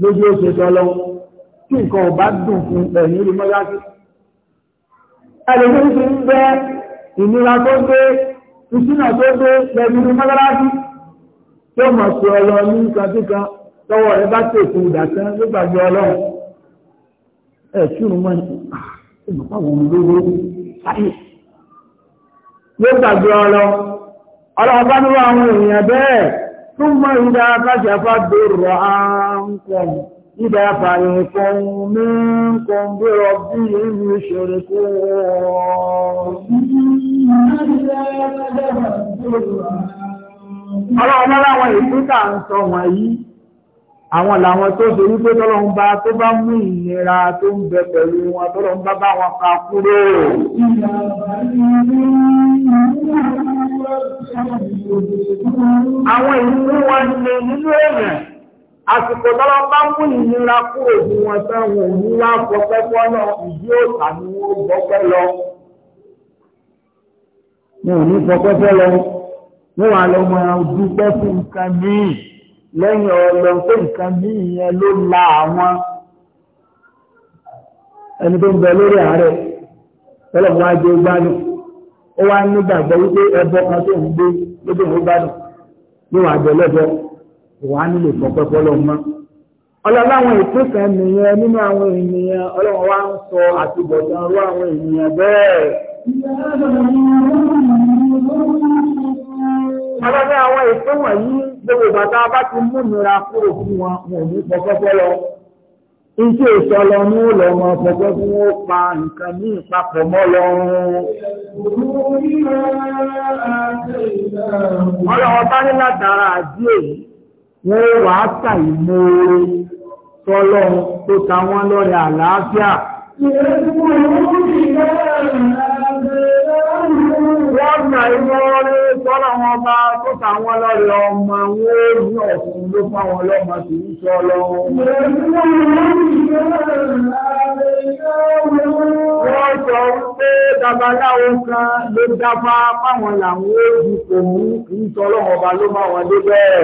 lójú oṣù tọ́lọ tí nǹkan ò bá dùn fún ẹ̀yìn rí mọ́lá sí ẹlòmíín ti ń bẹ ìnira tó dé ìṣúná tó dé lẹ́nu ní mọ́lárásí tó mọ̀ sí ọlọ ní kankan tọwọ́ rẹ bá tèkù ìdàkan nígbàgbé ọlọ́run ẹ̀ ṣùrù mọ́ ní ìmọ̀pá wọn lówó ayé yóò gbàgbé ọlọ ọlọ́run bá níwọ̀ àwọn èèyàn bẹ́ẹ̀ tó mọ ìdá kájà fà dèrò à ń kọ̀ọ̀ إذا فريق منكم بربهم يشركون Ọlọ́run láwọn ìpínká ń sọ wọ̀nyí, àwọn làwọn tó ṣe wípé tọ́lọ́run bá tó bá mú ìnira tó ń bẹ pẹ̀lú wọn tọ́lọ́run bá bá wọn ká kúrò. Àwọn àsìkò tọ́lọ́ bá mú ìnira kúrò ní wọn sẹ́wọ̀n ní wá fọpẹ́ fọ́nà ìdí òòtà ni wọ́n gbọ́pẹ́ lọ. wọn ò ní fọpẹ́ fẹ́ lọ wọn wà lọ mọ dúpẹ́ fún nǹkan míì lẹ́yìn ọ̀rọ̀ pé nǹkan míì yẹn ló la àwọn ẹni tó ń bẹ lórí ààrẹ tọ́lọ̀ wọn á gbádùn ó wá nígbàgbọ́ wípé ẹbọ kan tó ń gbé lóde ìwé gbádùn ló wà jẹ lọ́jọ́ wà á nílò pọ̀pẹ́ fọlọ́ mọ́. ọlọ́láwọn ìpínlẹ̀ nìyẹn nínú àwọn ènìyàn ọlọ́wọ́n wa ń sọ àtúbọ̀tán rú àwọn ènìyàn bẹ́ẹ̀. ọlọ́ní àwọn ìpín wọ̀nyí gbogbo bàtà bá ti mú ìnira kúrò fún wọn wọn ò ní pọ̀pẹ́ fọlọ́ Iṣẹ́ ìṣọ́lọ ní ìlọ ọmọ ọ̀pọ̀gbọ́ fún ó pa nǹkan ní ìpapọ̀ mọ́ lọ́rùn. Ọlọ́wọ́ bá ní wọ́n wà á sàì mọ́re tọ́lọ́ tó ta wọ́n lọ́rẹ̀ àlàáfíà wọ́n sàì tọ́lọ̀ wọn bá tó tàwọn lọ́rẹ̀ ọmọ wọn ó ní ọ̀fun ló fún àwọn ọlọ́mọ sì ń sọ lọ. Wọ́n sọ pé babaláwo kan ló dáfá fáwọn làwọn ó di òun kì í tọ́lọ̀ wọn bá ló máa wọn dé bẹ́ẹ̀.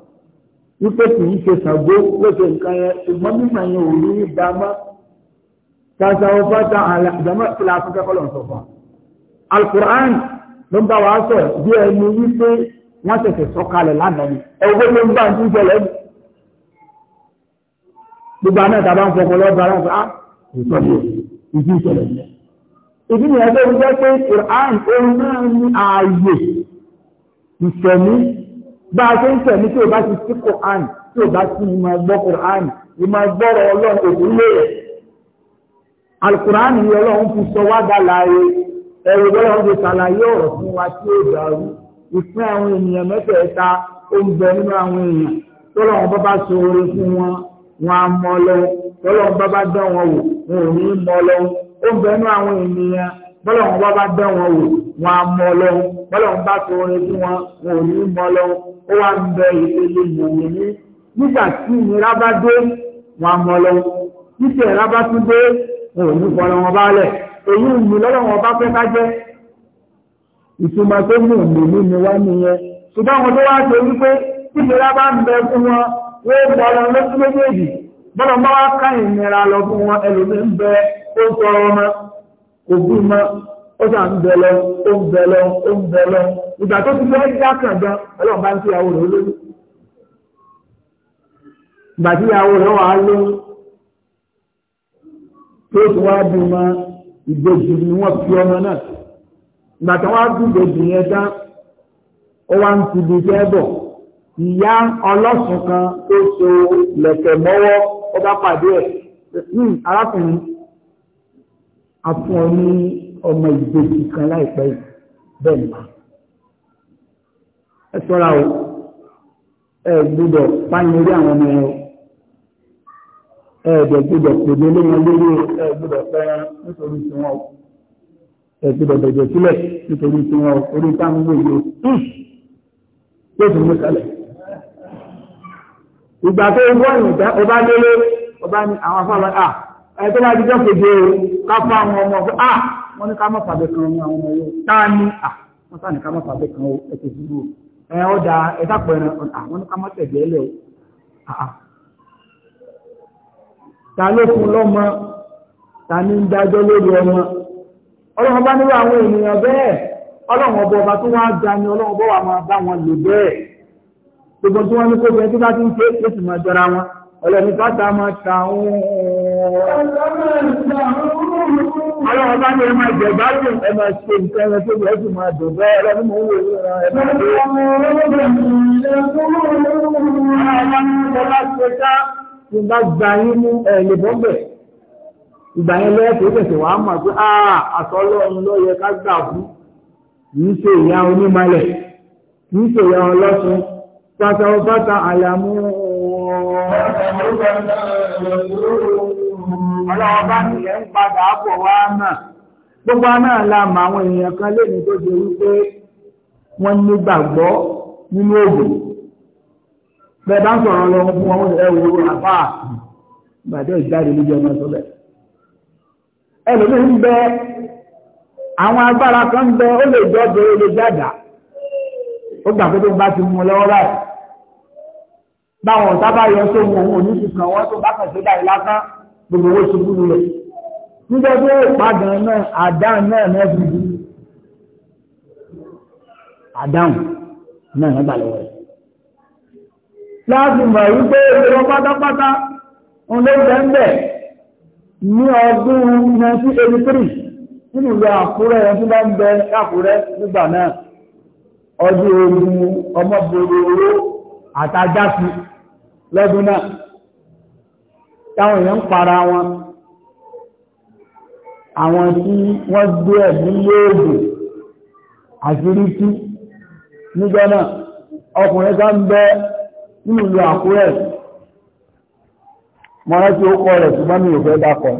wípé kì í ṣe ṣàgbó lóṣè nǹkan yẹn ṣùgbọ́n mímọ̀ yẹn ò rí ìdámá tàṣà ọ̀fà ta àdámá ìlà afẹ́fẹ́ kọ́lọ̀ sọ̀fà. alukur'an ló ń bá wa sọ bí ẹni wípé wọ́n ṣẹ̀ṣẹ̀ sọ̀kalẹ̀ lánàá ni ẹ̀wọ́ ló ń bá ń tún jẹlẹ̀ ní. gbogbo àná ìtàbá ń fọkọ lọ́dọ̀ ara fún a ah, kò ìdí ìṣẹ̀lẹ̀ yẹn. ìdí nìyẹn tó ń jẹ́ pé bá a ṣe ń tẹ̀mí tí o bá ti sí Quran tí o bá sí ìmọ̀ ẹgbọ́ Quran ìmọ̀ ẹgbọ́rọ̀ ọlọ́run òkúlé rẹ̀ alukuran yìí ọlọ́run fi sọ wá dá láàyè ẹ̀rù ọlọ́run fi ṣàlàyé ọ̀rọ̀ fún wa tí ó dàrú ìpín àwọn ènìyàn mẹ́tẹ̀ẹ̀ta ó ń bẹ nínú àwọn èèyàn tọ́lọ́run bá bá so oore fún wọn wọn á mọ lọ tọ́lọ́run bá bá dán wọn wò wọn ò ní mọ lọ ó ń bẹ nínú àwọn ènìyàn tọ́lọ́run bá bá dán wọn wò wọn á mọ lọ bọ́lọ̀ ń bá tó orin tí wọn wọn ò ní mọ lọ ó wá ń bẹ ìpele ìwòye ní nígbà tí ìnira bá dé wọn mọ lọ títí ẹ̀rá bá tún dé wọn ò ní fọlọ wọn bá lẹ̀ èyí ń mú lọ́wọ́ wọn bá fẹ́ ká jẹ́ ìtumọ̀ tó mú ìlú ni wá nìyẹn ṣùgbọ́n àwọn tó wá ṣe wípé tí ìnira bá ń bẹ fún wọn wọ́n mọ lọ lọ́sí méjèèjì bọ́lọ̀ bá wá ká ìnira lọ fún wọn ẹlòmí ń bẹ ó sọ ó sà ń bẹ lọ ó ń bẹ lọ ó ń bẹ lọ ìgbà tó ti fẹ́ dá kàn gan ọlọ́run bá ń tíyàwó rẹ̀ olóyún ìgbà tíyàwó rẹ̀ wà á lóyún tó ti wá bímọ ìbejì ni wọ́n fi ọmọ náà ìgbà tó wá bí ìbejì yẹn tán ó wá ń tibi fẹ́ bọ̀ ìyá ọlọ́sùn kan tó so lẹ̀kẹ̀ mọ́wọ́ ó bá pàdé ẹ̀ hmm, arákùnrin àfọ̀ọ́ ní ọmọ ìgbésí kan láìpẹ́ bẹ́ẹ̀ ni ẹ ṣọ́ra o ẹ gbọ́dọ̀ pányẹrí àwọn ọmọ ẹ̀rọ ẹ ẹ̀dẹ̀ gbọ́dọ̀ pèdé lẹ́yìn lórí ẹ gbọ́dọ̀ pẹ́ran nítorí tí wọ́n ẹ gbọ́dọ̀ bẹ̀jẹ̀ sílẹ̀ nítorí tí wọ́n orí táwọn gbòòrò hmm. yóò tún mú kalẹ̀. ìgbà tó ń wọ́n ìjà ọba délé ọba ní àwọn afárá à ẹ tó bá ti jọ́ kéde o ká àwọn ọmọ ọ̀gbọ́n wọ́n ní ká má fàbẹ̀ kan ní àwọn ọmọ yóò táà ní ká má fàbẹ̀ kan ẹ̀kẹ́ dúró ẹ ọ́ da ẹ̀dá pẹ̀rẹ̀ àwọn ní ká má tẹ̀gbẹ́ lẹ̀ ó ta ló fún lọ́mọ ta ní ń dájọ́ lórí ọmọ ọlọ́run bá nílò àwọn ènìyàn bẹ́ẹ̀ ọlọ́run ọba ọba tó wá ga ni ọlọ́run ọba wà máa bá wọn lò bẹ́ẹ̀ gbogbo tí wọ́n ní kó bẹ́ẹ̀ tí bá ti ń ṣe é sì máa jọra wọn ọlọ́run ká ta máa ta òun. Àwọn ọba ní ẹ máa jẹ̀bá jù ẹ máa ṣe nǹkan ẹ tó yẹ kí máa dùn bẹ́ẹ̀ lọ́dún mọ̀ ń wò ó ra ẹ máa dé. Àwọn ọba ní mo bá ṣe ká tí n bá gba yín mú ẹ lè bọ́ bẹ̀. Ìgbà yẹn lọ́yẹ̀ tó tẹ̀sẹ̀ wàá mọ̀ pé àṣọ ọlọ́run ló yẹ ká gbà fún. Kì í ṣe ìyá onímọ̀lẹ̀, kì í ṣe ìyá ọlọ́sùn, pátá ọbátá àyàmú ọ̀ọ́ ọlọ́wọ́ bá nílẹ̀ ń padà bọ̀ wá náà gbogbo náà la mọ àwọn èèyàn kan lé ní tó ṣe wípé wọ́n ní gbàgbọ́ nínú òògùn bẹ́ẹ̀ bá ń sọ̀rọ̀ lọ fún wọn ẹ wo àbá ìgbàdé ìjáde lójú ọmọ ẹ̀sọ́ bẹ́ẹ̀ ẹlòmíín ń bẹ àwọn agbára kan ń bẹ ó lè jọ bẹ̀rẹ̀ lè jáda ó gbà pé bá ti mú lọ́wọ́ báyìí báwọn ọ̀tá bá yọ sóhun òun ò ní wọ́n tó bá kàn sí báyìí lásán gbogbo owó ṣubú lulẹ̀ nígbà tó pàdán náà àdáhùn náà náà fi bú àdáhùn náà náà bà lọ́wọ́ rẹ̀ láti mọ̀ wípé ìrọ̀ pátápátá ọlọ́gbẹ̀ ń bẹ̀ ní ọdún 1983 nínú ìlú àkúrẹ́ ẹni tó bá ń bẹ àkúrẹ́ nígbà náà ọdún ogun ọmọbìnrin owó àtajáfi lọ́dún náà táwọn èèyàn ń para wọn àwọn tí wọ́n gbé ẹ̀mí lóògùn àṣírí tú náà ọkùnrin kan bẹ nínú ìlú Àkúrẹ́ mọ́ rántí ó kọ́ rẹ̀ ṣùgbọ́n mi ò fẹ́ dákọ̀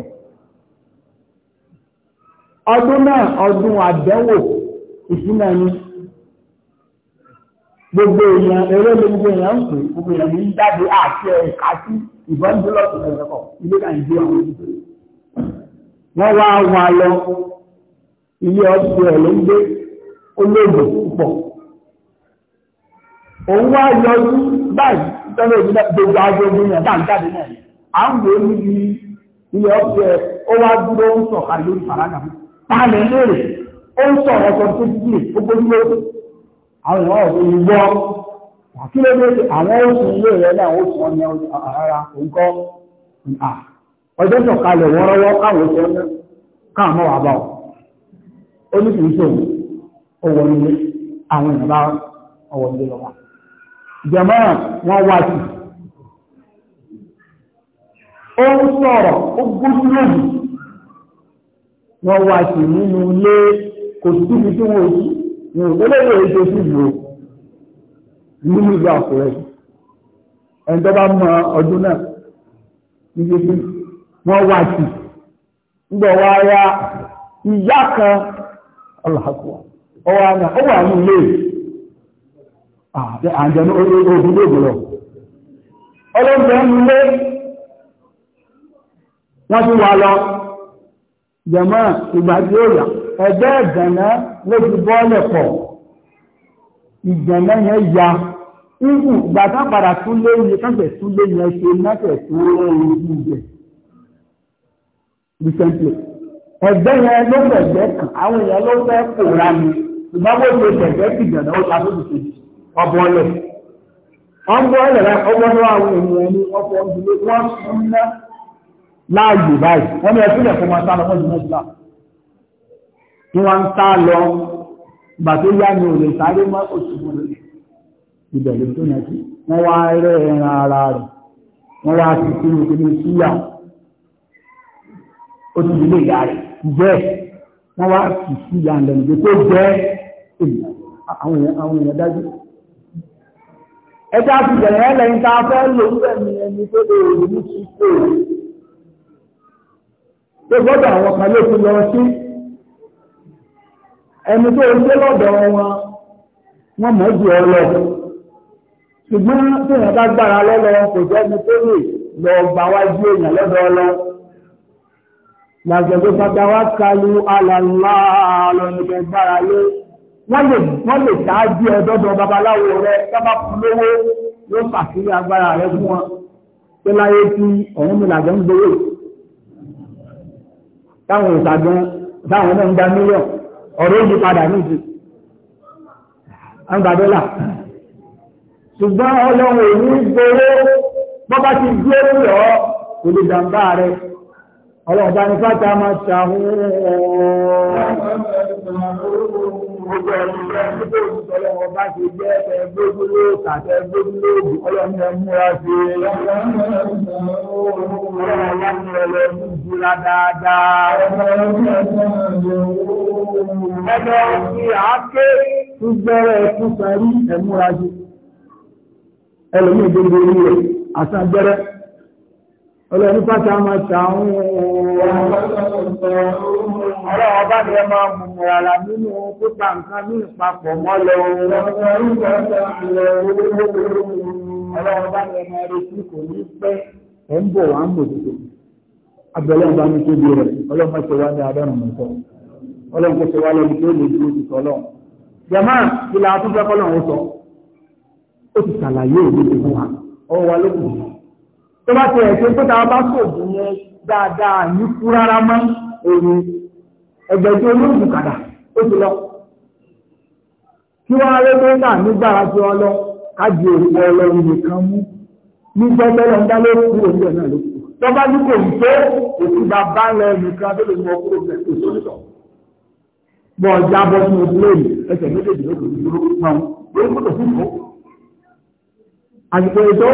ọdún náà ọdún gbogbo èèyàn eré ló gbogbo èèyàn ń pè gbogbo èèyàn ń jáde àti ẹ̀ka sí ìbọn búlọ́ọ̀tù ẹ̀rọ ilé nàìjíríà wọn ti wọ́n wá wá lọ ilé ọ̀sẹ̀ ẹ̀ ló ń gbé olóògbé púpọ̀ òun wá yọ sí báyìí tọ́lá òbí gbogbo aago ènìyàn bá ń jáde náà à ń wò níbi ilé ọ̀sẹ̀ ó wá dúró ń sọ̀ka lórí fàlànà pálẹ̀ lérè ó ń sọ̀rọ̀ ọkọ̀ tó àwọn ìwọ̀n ọ̀gbọ́n ìgbọ́ àkílódé àwọn oṣù ilé rẹ̀ náà oṣù wọn ní àwọn ìrìnbá ọwọ́ ó ń sọ̀rọ̀ ó gbójú lónìí wọn wá sí nínú ilé kò síbi tí wọn ò sí ìrìnlẹ́lẹ́wọ̀ èdè síbò nínú ìlú àkùrẹ́ ẹ̀ńdọ́bá mọ ọdún náà níbi tí sí ya ìyá kan ọlọ́àkùwà ọwọ́ wọ́n ti wà lọ jẹ̀mọ́ ìgbà tí ó yà ẹgbẹ́ ìgbẹ̀nà ló ti ìgbẹ̀nà yẹn ya ibù ìgbà padà tún lé yẹn káfẹ̀ tún lé yẹn ṣe mẹ́fẹ̀ tún lé yẹn ju ibẹ̀ recently ẹgbẹ́ yẹn ló fẹ̀gbẹ́ kàn àwọn èèyàn ló fẹ́ fẹ̀gbẹ́ ó ta tó ti àwọn ni wọ́n ń ná láàyè báyìí wọ́n ní ẹ tí wọ́n ń tá lọ gbà tó yá mi ò lè sáré mọ́ oṣù mọ́ lórí ibẹ̀ ló tó yẹn sí wọ́n wá rẹ́ ẹran ara rẹ̀ wọ́n wá sí sínú ìpinnu síyà ó ti dílé ìyá rẹ̀ jẹ́ wọ́n wá sí síyà lẹ́nu tó jẹ́ àwọn èèyàn dájú ẹjá ti bẹ̀rẹ̀ ẹlẹ́yìn tá a fẹ́ lò ń bẹ̀ ní ẹni tó lè rí ní ṣíṣe tó gbọ́dọ̀ àwọn kan ló ti lọ sí ẹni tó ń gbé lọ́dọ̀ wọn wọ́n mọ̀ jù ọ lọ ṣùgbọ́n tí wọ́n bá gbára lọ́lọ́ kò jẹ́ ẹni tó lè lọ gbà wá ju èèyàn lọ́dọ̀ ọlọ́ làgbẹ̀gbẹ̀ padà wá kalu alàlá lọ́nìkẹ́ gbára lé wọ́n lè wọ́n lè ṣáájú ọdọ́dọ̀ babaláwo rẹ sábà fún lówó yóò pàṣírí agbára rẹ fún wọn pé láyé tí ọ̀hún mi làgbẹ̀ ń gbowó táwọn ìtàgé táwọn náà ń gba mílíọ̀nù ọ̀rọ̀ yìí padà níbi àgbàdọ́là ṣùgbọ́n ọlọ́run èyí ń bọ́bá ti gbé lọ kò lè dàmbá rẹ ọlọ́run bá ní máa ṣàhún ọ̀rọ̀ gbogbo ẹni bẹ́ẹ̀ nígbà òṣìṣẹ́ ọlọ́wọ́ bá ti jẹ́ ẹ gbójú lóòkà tẹ gbójú lóògùn ọlọ́run ẹ múra sí i. ọlọ́run wá ní ẹlẹ́ ní ìjìlá dáadáa. ọmọ òfin àáké gbẹ́rẹ́ tún sẹ́rí ẹ múra sí i. ẹlòmíì gbogbo orí rẹ̀ àtàgbẹ́rẹ́ ọlọ́run pátá máa ṣàwọn ọ̀rọ̀ ọlọ́run ọba ni ẹ máa mú ara nínú pípa nǹkan ní ìpapọ̀ mọ́ lọ ohun ọlọ́run ọba ni ẹ máa retí kò ní pẹ́ ẹ̀ ń bọ̀ wá ń bò tó abẹ́lẹ́ ọba ní tóbi rẹ̀ ọlọ́run ọ̀sẹ̀ wá ní adọ́rùn mọ́tọ́ ọlọ́run kò ṣe wá lọ́dún tó lè dúró ti sọ́lọ́ jẹ̀mọ́ ìlà àtúnfẹ́ kọ́lọ́run ó sọ ó ti ṣàlàyé òde tó fún wa ọwọ́ wa ló kù tó bá ti ẹ̀ ṣe pé táwa bá sòògùn yẹn dáadáa ní kú rárá mọ́ òun ẹgbẹ̀jọ olóògùn kàdà ó ti lọ kí wọ́n arẹ́ pé náà nígbàrá tí wọ́n lọ kájí òwò ọlọ́run nìkan mú nígbà tẹ́lẹ̀ ń dá lórí kúrò níbẹ̀ náà ló kù tọ́ba ní kò tó òkú bá bá lọ nìkan tó lè mọ kúrò bẹ̀ tó sóńtọ̀ bọ́ ọjà bọ́ fún mi pléènì ẹsẹ̀ méjèèjì ló kò dúró pọ́n ló kò tó fún àsìkò ètò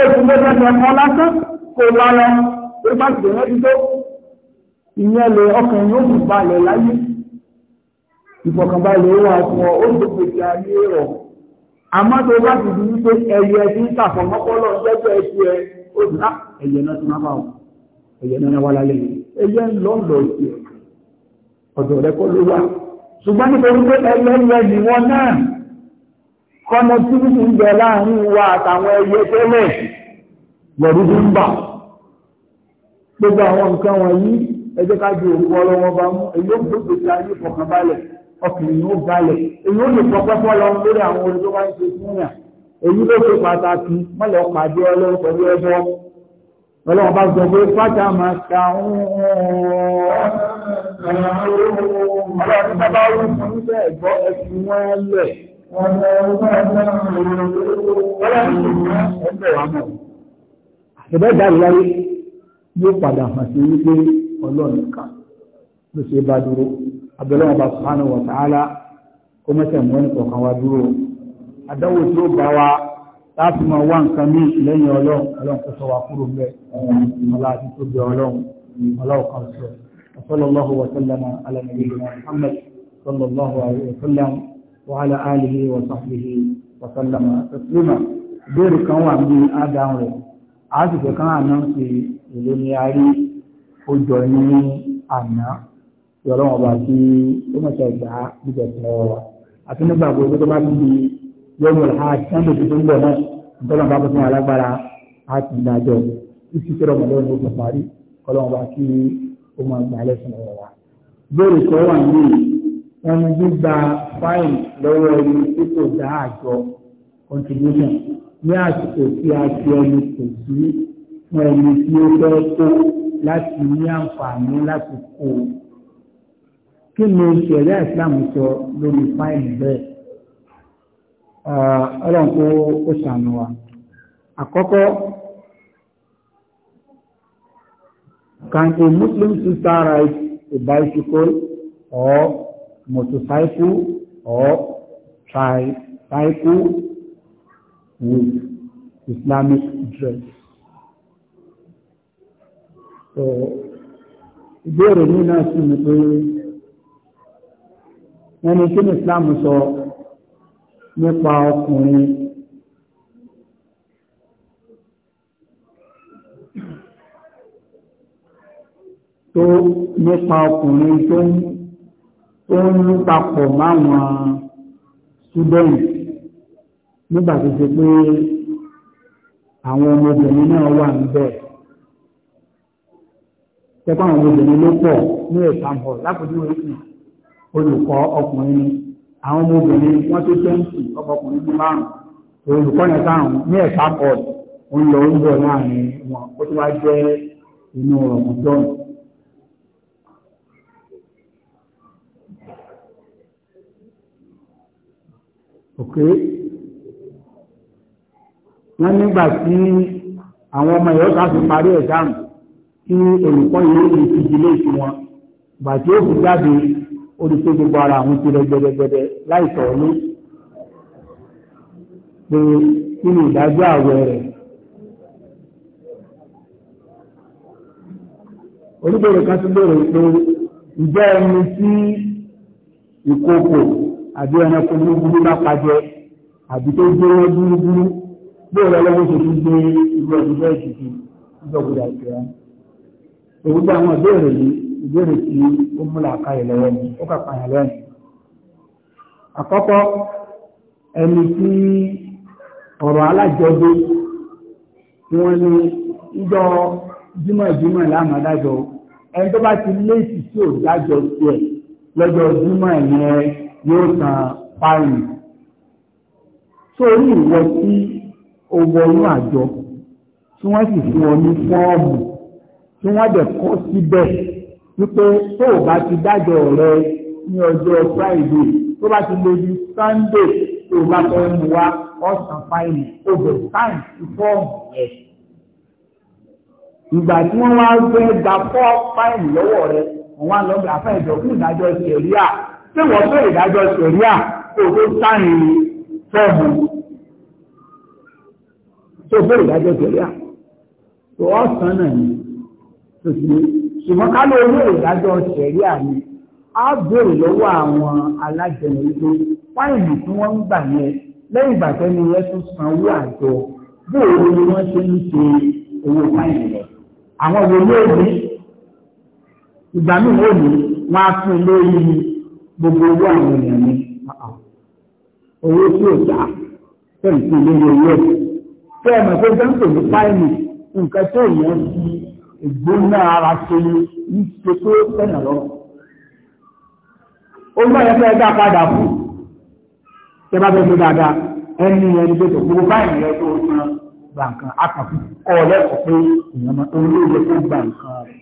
oṣù mẹ́ta tẹ̀ kọ́ lásán kò lọ lọ pé bá ti dè ìyẹn lè ọkàn yóò mú balẹ̀ láyé ìfọ̀kànbalẹ̀ wà fún ọ ó tó pèsè ayé rọ̀ àmọ́ tó bá ti di wípé ẹyẹ tí ń tàfọ̀mọ́pọ́lọ́ jẹ́jẹ́ ẹtì ẹ ó dùn á ah, ẹyẹ náà ti máa bá wọn ẹyẹ náà wà lálẹ́ yìí ẹyẹ ń lọ lọ sí ẹ ọ̀dọ̀ rẹ kọ́ ló wà ṣùgbọ́n nítorí pé ẹlẹ́yẹ ni wọ́n náà kọ́mọ tí wọ́n ti ń láàrin wa àtàwọn ẹyẹ tẹ́lẹ̀ lọ́dún tó ń bà gbogbo àwọn nǹkan wọ̀nyí ẹjẹ́ ká ju òkú ọlọ́wọ́ bá mú èyí ó gbogbo ti ayé fọkàn balẹ̀ ọkùnrin ó balẹ̀ èyí ó lè fọpẹ́ fọlọ lórí àwọn orin tó bá ń ṣe fún yàn èyí ló ṣe pàtàkì mọ́lẹ̀ pàdé ọlọ́run pẹ̀lú ẹbọ ọlọ́run bá sọ pé fájà máa ka ọlọ́run bá bá wù fún bẹ́ ẹ̀gbọ́ ẹ̀sìn wọn lẹ̀ ọlọ́run bá bá wù ọlọ́nìkan ló ṣe bá dúró abẹ́lẹ́wọ̀n bá subhanahu wa ta'ala kó mẹ́tẹ̀ mọ́ ní kọ̀ọ̀kan wa dúró àdánwò tí ó bá wa láti máa wá nǹkan ní lẹ́yìn ọlọ́run ọlọ́run kó sọ wa kúrò mẹ́ ọlá ọlọ́run ọlọ́run kan sọ وصلى الله وسلم على نبينا محمد صلى الله عليه وسلم وعلى آله وصحبه وسلم تسليما دور كان وعندي آدم رẹ̀ a sì fẹ́ àná sí ìlú ní a rí ó jọ ní àná ìrọ̀lọ́wọ́n ọba tí ó mọ̀ṣẹ́ ìgbà bíbẹ̀ tẹ̀ ọ́ wa àti nígbà gbogbo tó bá ti di yọ̀wọ̀ àti sáńdò tó ń bọ̀ náà ìtọ́nà bá fún alágbára àti ìdájọ́ ìsì tó rọ̀mọ̀ lọ́wọ́ ní parí kọ́lọ́wọ́n bá kí ó máa gbà lẹ́sìn ọ̀rọ̀ wa. bóòlù tó wà ní ẹni gbígba fáìn lọ́wọ́ ẹni tí kò dá àjọ contribution ní àsìkò tí a ti ẹni kò sí fún ẹni tí ó fẹ́ tó láti ní àǹfààní láti kó o kí ni ṣẹ̀ríà ìsìláàmù sọ lórí fáìlì bẹ́ẹ̀ ọlọ́run kó ó ṣàánú wa àkọ́kọ́ can a Muslim sister ride a bicycle or motorcycle or tricycle with Islamic dress? ìbéèrè ní náà sì ni pé tí ní Islam sọ nípa ọkùnrin tó nípa ọkùnrin tó ń tó ń papọ̀ máwọn student nígbà tó ṣe pé àwọn ọmọbìnrin náà wà níbẹ̀. tẹ́kọ̀ àwọn obìnrin ló pọ̀ ní exam hall lápòjú olùkọ́ ọkùnrin ni àwọn obìnrin wọ́n tó tẹ́ǹtì ọkùnrin ní márùn-ún olùkọ́ yẹn sáàrùn ní exam hall ó ń lọ ń bọ̀ láàrin wọn ó tó wá jẹ́ inú rọ̀mọ̀dọ́nù òkè wọ́n nígbà tí àwọn ọmọ ìyọ́ta fi parí ẹ̀dáàmù tí olùkọ́ yìí lè fi ìdílé ìfìwọ̀n gbà tí ó fi jáde olùkọ́ gbogbo ara àwọn ti rẹ gbẹdẹgbẹdẹ láì sọ̀rọ̀ ní pé kí ni ìdájọ́ àwẹ̀ rẹ̀. oníbèrè kan tún bèrè pé ìjẹ́ ẹni tí ìkòkò àbí ẹranko búrúburú bá pàjẹ́ àbí tó gbé wọn búrúburú bóòrẹ́ lọ́wọ́ tó tún gbé irú ẹni bẹ́ẹ̀ jù sí ìjọba ìjọba gbogbo àwọn ìbéèrè yìí ìbéèrè tí ó múlà ká ìlọ́wọ́ ni ó kà pààyàn lẹ́yìn àkọ́kọ́ ẹni tí ọ̀rọ̀ alájọdé tí wọ́n ní ìjọ jímọ̀jímọ̀ láàmú adájọ́ ẹni tó bá ti léèsì tí ò dájọ́ sí ẹ̀ lọ́jọ́ jímọ̀ yẹn yóò san fáìlì sórí ìwọ tí ó wọnú àjọ tí wọ́n sì fún ọ ní fọ́ọ̀mù tí wọ́n dẹ̀ kọ́ síbẹ̀ wípé tó o bá ti dájọ́ rẹ ní ọjọ́ friday tó bá ti lè di sunday tó o bá fẹ́ mú wa ọ̀sán fáìlì over time ti fọ́ọ̀mù rẹ̀. ìgbà tí wọ́n wá gbé gba fọ́ fáìlì lọ́wọ́ rẹ̀ wọ́n wá lọ́gbà afẹ́ ìjọ fún ìdájọ́ sẹ̀ríà tí wọ́n fẹ́ ìdájọ́ sẹ̀ríà kó tó sáyìn fọ́ọ̀mù tó fẹ́ ìdájọ́ sẹ̀ríà tó ọ̀sán náà ni ṣùgbọ́n ká ló rí ìdájọ́ ṣẹ̀ríà ni a béèrè lọ́wọ́ àwọn alájẹun wípé fáìlì tí wọ́n ń gbà yẹn lẹ́yìn ìgbà tẹ́ni yẹn tún san owó àjọ bóòrò ni wọ́n ṣe ń ṣe owó fáìlì rẹ̀ àwọn wo ló ní ìgbà míì wọ́n ní wọ́n á fún lórí gbogbo owó àwọn èèyàn ni owó tí ò dá fẹ́ǹtì lórí owó ẹ̀ fẹ́ẹ̀mọ̀ pé gbẹ́ǹtì ní fáìlì nǹkan tó yẹn fi ìgbóná ara ṣe ní ṣe tó tẹ́nà lọ́rọ̀. ó mọ́ ẹ̀fẹ́ ẹgbẹ́ àpadà fún tẹ́bá tó tó dáadáa ẹni ẹni tó tó gbogbo báyìí rẹ tó san gbà nǹkan akàfù kọ́ lẹ́kọ̀ọ́ pé èèyàn máa ń lóye tó gbà nǹkan rẹ̀.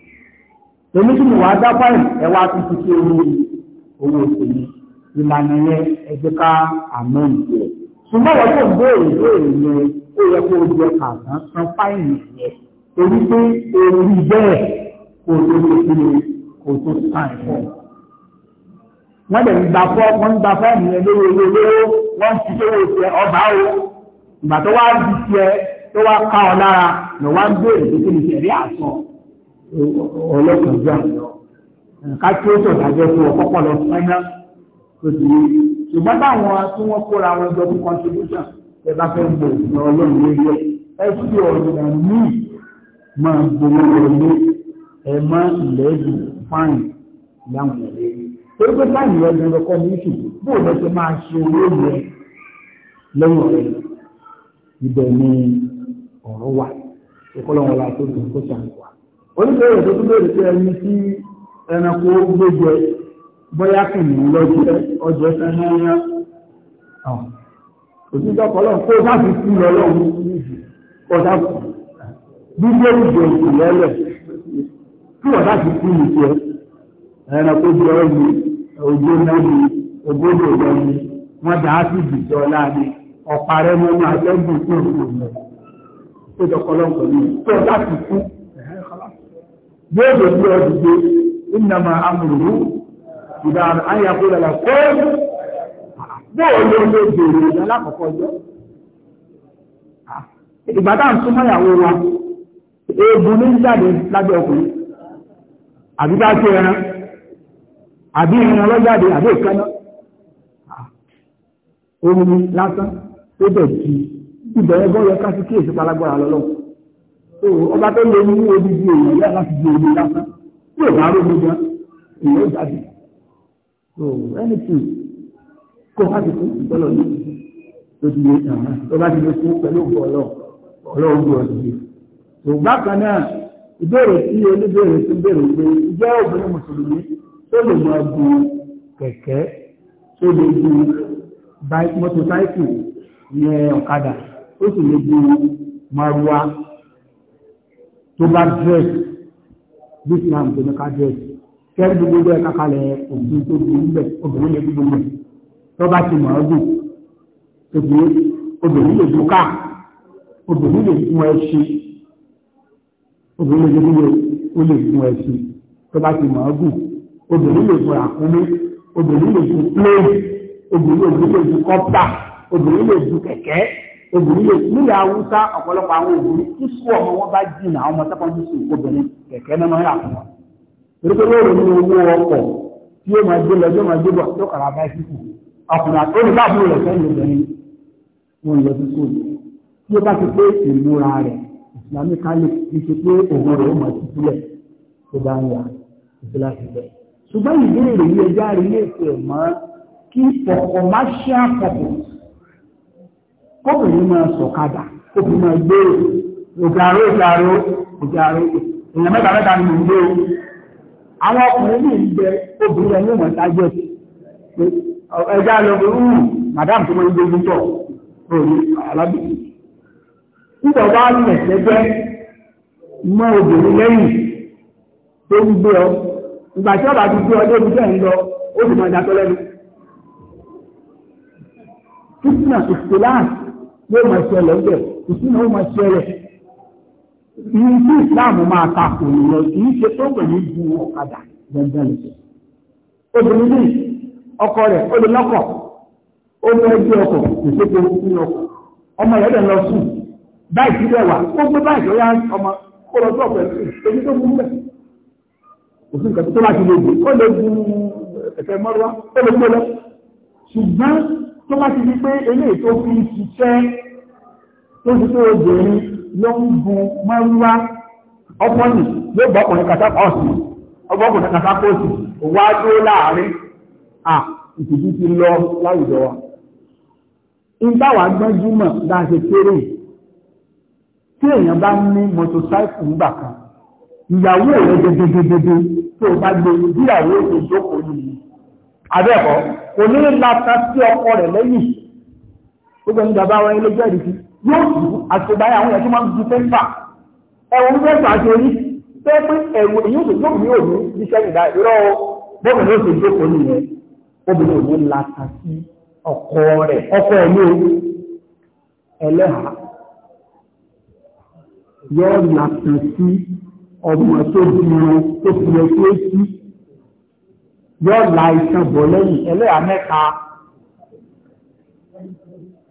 èmi kí ni wàá dá báyìí ẹ wá tún ti ṣe owó owó oṣù mi ìlànà yẹn ẹgbẹ́ ká àmọ́ ìjẹ́ ṣùgbọ́n wọ́n tó ń béèrè ó yẹ kó o jẹ kàtàn san fáìlì yẹn torí pé orí bẹ́ẹ̀ kò tó ṣe kí ni kò tó sáì fọ́. Wọ́n dẹ̀ gba fọ́ wọ́n ń gba fọ́ọ̀mù yẹn lówó lówó wọ́n ti lówó tiẹ̀ ọba o. Ìgbà tó wá di ọ lára lọ wá ń kí ni ọlọ́kàn jọ Ká tí ó sọ̀tà jẹ́ fún ọ kọ́kọ́ lọ fún tó ti yé. Ṣùgbọ́n tí wọ́n kóra wọn jọ fún contribution ẹ bá máa gbowó wọlé ẹ má lẹ́ẹ̀dù fáìn láwọn ẹ̀rẹ́ torí pé fáìn yẹn lọ kọ́ ní ìṣù bó lọ ṣe máa ṣe owó yẹn lẹ́yìn ọ̀rẹ́ ibẹ̀ ni ọ̀rọ̀ wà ìkọlọ́wọ́n la tó dùn kó ṣàǹkà oníbẹ̀rẹ̀ tó tún bẹ̀rẹ̀ sí ẹni tí ẹranko gbẹ́jẹ bóyá kìnnì lọ́jẹ́ ọjọ́ sẹ́yẹ́yẹ́ òtítọ́ kọlọ́ kó bá fi kú lọ́lọ́run ọ̀dà kù gbígbé ìgbè ìlẹ́lẹ̀ tí wọ́n bá ti kú ìṣe ẹran tó jẹ ọ́ ni náà ni ògbódò wọ́n dà á sì láàrin ọ̀parẹ́ tó lọ tó ti kú lè bí ìnàmà ìdá lọ́la kó lè ìdá ìgbà táà ń súnmọ́ ìyàwó wa eegun ní jáde lábẹ́ ọkùnrin àbí bá tí ẹran àbí ìran lọ́jáde àbí ìkaná ah. omi lásán tó bẹ̀ jù ìbẹ̀rẹ̀ gan yẹ káfí kí èsì palágbára lọ́lọ́ ọba tó lè mú omi di èèyàn yá láti di omi lásán tí ò bá rómi gan èèyàn jáde anything kó wá ti kú ìtọ́lọ̀ ní lójú ìtàn náà tó bá ti lè kú pẹ̀lú ọ̀gbọ̀ọ̀lọ̀ ọ̀lọ́ ọ̀gbọ̀ọ̀lọ̀ ṣùgbọ́n kan náà ìbéèrè tí oníbéèrè tó béèrè pé ìjẹ́ obìnrin mùsùlùmí tó lè mọ gun kẹ̀kẹ́ tó lè gun mọ́tòsáìkì yẹn ọ̀kadà ó sì lè gun maruwa tó bá dress bí islam tó ní ká dress kẹ́rì gbogbo ẹ̀ kákalẹ̀ òbí tó gbogbo ẹ̀ obìnrin lè gbogbo ẹ̀ tó bá ti mọ̀ ọ́ gùn obìnrin lè dúkà obìnrin lè fún ẹ ṣe obìnrin lè gbé ó lè gun ẹṣin tó bá ti mọ̀ ọ́ gùn obìnrin lè gun àkúnmí obìnrin lè gun pléènì obìnrin lè gun kọ́pà obìnrin lè gun kẹ̀kẹ́ obìnrin lè nílẹ̀ haúsá ọ̀pọ̀lọpọ̀ àwọn obìnrin tí sùn ọmọ wọn bá jìnnà àwọn ọmọ sẹ́kọ̀ndì sùn obìnrin kẹ̀kẹ́ náà máa ń rà fún wọn. torípé yóò rí ní owó ọkọ̀ tí yóò máa gbé lọ yóò máa gbé bọ̀ tó kàrà bá ẹsẹ̀ kù ọkùnrin àti olùbáàbò rẹ̀ sẹ́yìn obìnrin wọn lọ sí sóòlù tí ó bá ti pé ìmúra rẹ̀ ìsìlámì kálí ìṣe pé òun rẹ̀ ó mọ̀ sí sílẹ̀ tó bá ń wà ìsìlámì bẹ́ẹ̀. ṣùgbọ́n ìbéèrè yìí ẹja rí ní ètò ẹ̀ mọ́ kí ọ̀pọ̀ má ṣe àpọ̀pọ̀ kọ́bìnrin máa sọ̀kadà kóbi máa gbé òjàró òjàró òjàró èèyàn mẹ́ta mẹ́ta ni mò ń gbé o. àwọn ọkùnrin ní ìgbẹ́ obìnrin ẹni mọ̀ tájẹ́ ẹja lọ bí wù màdàm tó máa ń gbé ojú tọ̀ Ndị bá lẹ́gbẹ́ mọ́ lẹ́yìn tó ọ ìgbà tí ọba ti gbé ọ ń lọ ó sì mọ ìdájọ́ lẹ́nu kìsìnà ìsìláà yóò mọ ìṣẹ̀lẹ̀ ń kìsìnà ó mọ ìṣẹ̀lẹ̀ ìyí tí ìsìláàmù máa takò nìyẹn kì í ṣe tó ju ọ̀kadà obìnrin ọkọ rẹ̀ ó lè lọ́kọ̀ ó ẹgbẹ́ ọkọ̀ kò báyìí ti dẹ̀wà ó gbé báyìí lọ́yà ọmọ kó lọ sọ pẹ̀lú èyí tó burú bẹ̀. òsì nǹkan tó láti lè gbé ó lè bu ẹ̀fẹ̀ mọ́rọ́wá ó lè gbé lọ. ṣùgbọ́n tó bá ti di pé eléyìí tó fi ṣiṣẹ́ tó ti tó obìnrin ló ń bu mọ́rọ́wá ọpọ́nì yóò gbọ́ ọkùnrin kàtà ọ̀sì ọgbọ́ ọkùnrin kàtà pọ̀sì wá dúró láàárín à ìtìjú ti lọ láwùjọ wa. ìgbà wàá gbọ́njú mọ̀ láti kéré yìí tí èèyàn bá ní mọ́tòsáìkù ńgbà kan ìyàwó rẹ̀ gẹ́gẹ́gẹ́gẹ́ tí ó bá gbé ìyàwó ètò ìjókòó nìyí abẹ́ẹ̀kọ́ kò ní láta sí ọkọ rẹ̀ lẹ́yìn ó gbẹ̀mí bàbá wọn ilé jẹ́ ìdíkí yóò tù àtìgbáyà àwọn ẹ̀kí máa ń ju pépà ẹ̀wọ̀n pépà àti orí pé pé ẹ̀wọ̀ èyí ò tó ní òní níṣẹ́ ìdá ìrọ́ bọ́ọ̀mù ló ṣe jókòó nìyẹn obìnrin ò ní láta sí ọkọ rẹ̀ ọkọ ẹ̀ ní ẹlẹ́hàá yóò yàtọ̀ sí ọmọ tó di wọn tó fi lọ sí èsì yóò la iṣan bọ̀ lẹ́yìn ẹlẹ́yà mẹ́ta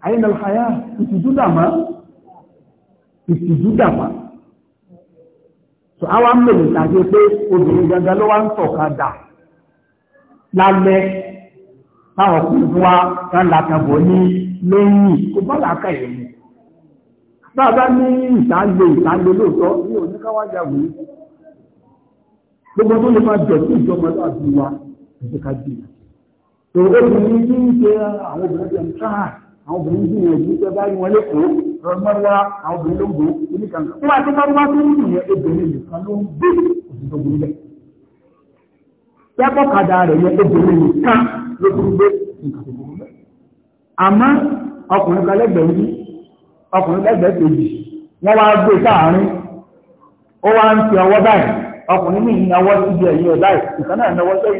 ayélujára ìtìjú dàmá ìtìjú dàmá so àwọn mẹ́lẹ̀ tàbí pé obìnrin gangan ló wá ń tọ̀kadà lálẹ́ táwọn ọkùnrin wa ń làkàbọ̀ ní lẹ́yìn kò bá làákà yẹn bàbá ní ìtàgbé ìtàgbé lóòtọ́ ní oníkáwájà wòye gbogbo tó lè máa jọ sí ìjọba láti wa ìjọka jù tó obìnrin tí ń ṣe àwọn obìnrin jẹ ń ká àwọn obìnrin jù yẹn jù bẹ́ẹ̀ báyìí wọn lẹ́kọ̀ọ́ rọmọlá àwọn obìnrin ló ń bò ó ní kankan wọn àti márùnmá tó ń yẹ obìnrin nìkan ló ń gbé òṣìṣẹ́ òbí ọkùnrin wọ́n wá gbé sáàárín ó wá ń ọwọ́ báyìí ọkùnrin ní ìnáwó síbi ẹ̀yìn ẹ̀ báyìí ìkan ẹ̀ báyìí ó sì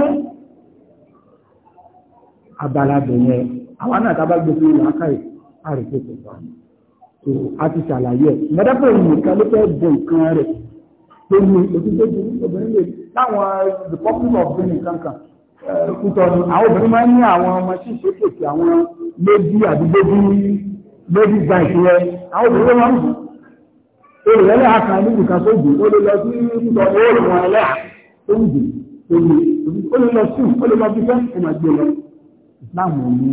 ní. a gbé ti ní obìnrin lè láwọn republic of benin kankan ni àwọn obìnrin máa ń ní àwọn ọmọ sí àwọn lójú gba ìṣẹ́ àwọn obìnrin wọn olùrẹ́lẹ̀ àkà níbi kan tó gbé ó lè lọ sí ìpútọ̀ oòrùn wọn ẹlẹ́ tó ń gbé omi ó lè lọ sí ó lè lọ sí fẹ́ ó máa gbé lọ Islam ò ní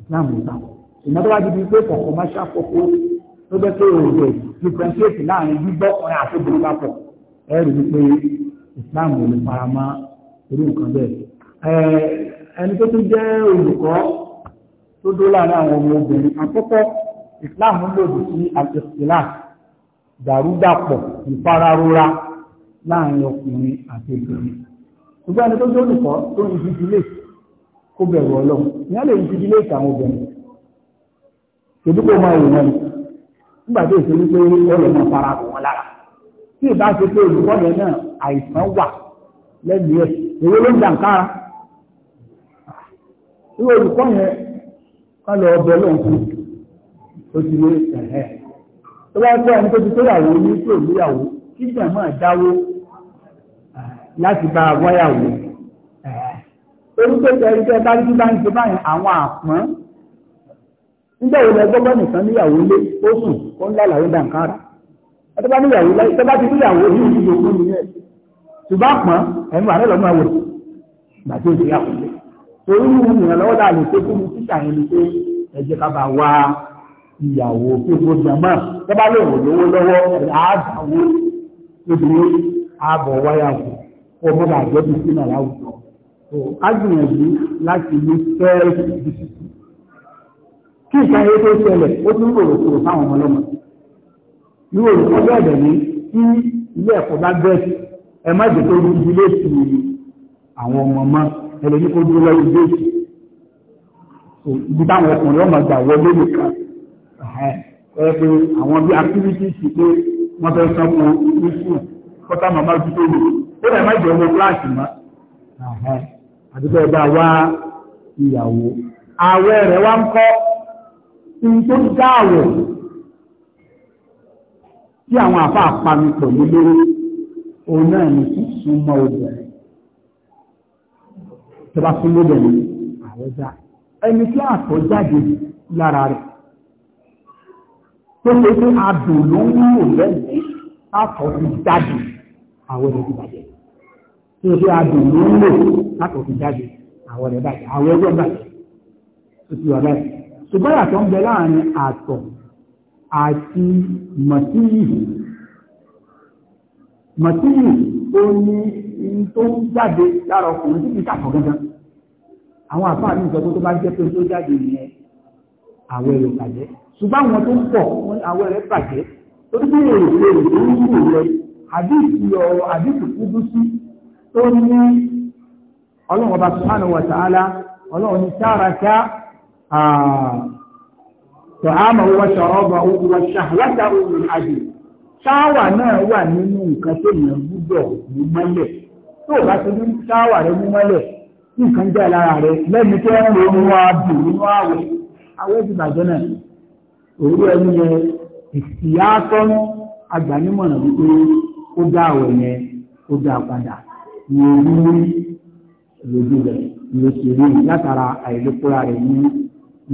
Islam ò gbà ìmọ̀ tó wá di bíi pé kọ̀ọ̀kọ̀ máa ṣàkóso tó jẹ́ pé òògùn differentiate láàrin gbígbọ́ ọ̀rẹ́ àti obìnrin papọ̀ ẹ rí i pé Islam ò lè fara mọ́ irú nǹkan bẹ́ẹ̀ ẹni tó tún jẹ́ olùkọ́ tó dó láàrin àwọn ọmọ obìnrin àkọ́kọ́ Islam lòdì sí àtẹ̀sílà dàrúdàpọ̀ ìfararora láàrin ọkùnrin àti obìnrin ṣùgbọ́n ẹni tó jẹ́ olùkọ́ tó ń ìdílé kó bẹ̀rù ọlọ́run ní wọ́n lè ìdílé ìtàwọn obìnrin ṣèbí kó máa nígbà náà fara wọn lára tí ìbá ṣe pé olùkọ́ yẹn náà àìsàn wà lẹ́gbẹ̀ẹ́ ló kálọ̀ ọbẹ̀ lóun kú ó ti lé ẹ̀hẹ́ tó bá pẹ́ ẹni tó ti tó yàwó ní tó ìgbéyàwó kí jẹ̀ máa dáwó láti bá wáyàwó orúkọ ìtẹ̀ríkẹ́ bá rí bá ń ṣe báyìí àwọn àpọ́n nígbà wo lẹ gbọ́gbọ́ nìkan níyàwó lé ó sùn ó ń lálàó dànkára ẹtọ́ bá níyàwó lẹ tọ́ bá ti níyàwó ní ìlú òkú nìyẹn ṣùgbọ́n àpọ́n ẹ̀mí wà lọ́lọ́ máa wò bàtí lé torí mú ìrànlọ́wọ́ dà lè pé kí mú títà yẹn ni pé ẹ jẹ́ ká bá wá ìyàwó pé kó jẹmọ́ tó bá lè wò lówó lọ́wọ́ àádáwó lóbìnrin ààbọ̀ wáyà kù ọmọ bá jẹ́ bí sínú àláwùjọ a gbìyànjú láti ní fẹ́ẹ̀rẹ́ kí ìka eré tó ṣẹlẹ̀ ó tún rò rò sáwọn ọmọ lọ́mọ irú olùkọ́ bẹ́ẹ̀ bẹ̀ ní tí ilé ẹ̀kọ́ bá bẹ́ẹ̀ ẹlòmí kó dúró lọ́yìn déètì ibi táwọn ọkùnrin ọmọ gbà wọlé nìkan ẹ pé àwọn bí activities pé wọ́n fẹ́ san fún iṣu kọ́tà màmá ju tó lè ó lè má jẹ ọmọ kíláàsì mọ́ àdúgbò ẹgbẹ́ àwa ìyàwó ààwẹ̀ rẹ̀ wá ń kọ́ in tó dáàwẹ̀ tí àwọn àfa àpamipọ̀ lé lórí òun náà ní sísun mọ́ obìnrin tó bá fún lóde ní àwọ̀já ẹni tí àtọ̀ jáde lára rẹ̀ tó ṣe pé adùn ló ń wò lẹ́yìn àtọ̀ fi jáde àwọn ẹ̀rọ ti bàjẹ́ tó ṣe pé adùn ló ń wò àtọ̀ fi jáde àwọn ẹ̀rọ bàjẹ́ àwọn ẹ̀rọ bàjẹ́ tó ti wà báyìí ṣùgbọ́n àtọ̀ ń bẹ láàrin àtọ̀ àti mọ̀tíyì mọ̀tíyì ó ní ní tó ń jáde lára ọkùnrin tí kìí kàkọ́ gangan àwọn àfáà ní ìjọba tó bá jẹ́ pé tó jáde yẹn àwẹ̀ rẹ̀ bàjẹ́ ṣùgbọ́n àwọn tó ń pọ̀ àwẹ̀ rẹ̀ bàjẹ́ ṣáwà náà wà nínú nǹkan tó yẹn gbúdọ̀ ní mọ́lẹ̀ tó bá sojú táwà rẹ̀ mú mọ́lẹ̀ nǹkan jẹ́ lára rẹ̀ lẹ́nu tó ń lo ohun ààbò nínú ààwẹ̀ ààwẹ̀ ti bàjẹ́ náà òwúrọ̀ ẹni yẹn ìsìyàtọ́ agbànímọ̀nà wípé ó dá ààwẹ̀ yẹn ó dá padà ní orí lójú rẹ̀ ló ṣe rí látara àìlépúra rẹ̀ ní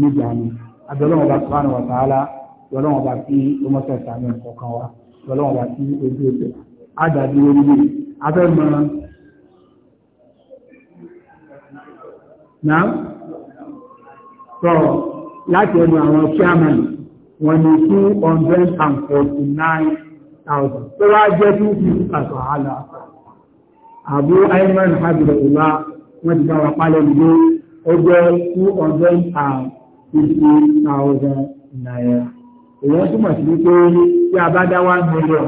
nígbà ni abẹ́lẹ́wọ̀n bá sọ́hánù wà tààlà lọ́lọ́wọ̀n bá tí ó mọ́sẹ̀ sàmì nǹkan kan wa lọ́lọ́wọ̀n bá tí ojú ètò àdàbí orí afẹ́ mọ́ràn náà sọ̀rọ̀ lati ẹnu àwọn chairman wọn two hundred and forty nine thousand tó wá jẹ́ two fifty pàtó àlà àbú ayman habib ọlá wọn wa two hundred and fifty thousand naira èyí túmọ̀ sí wípé one million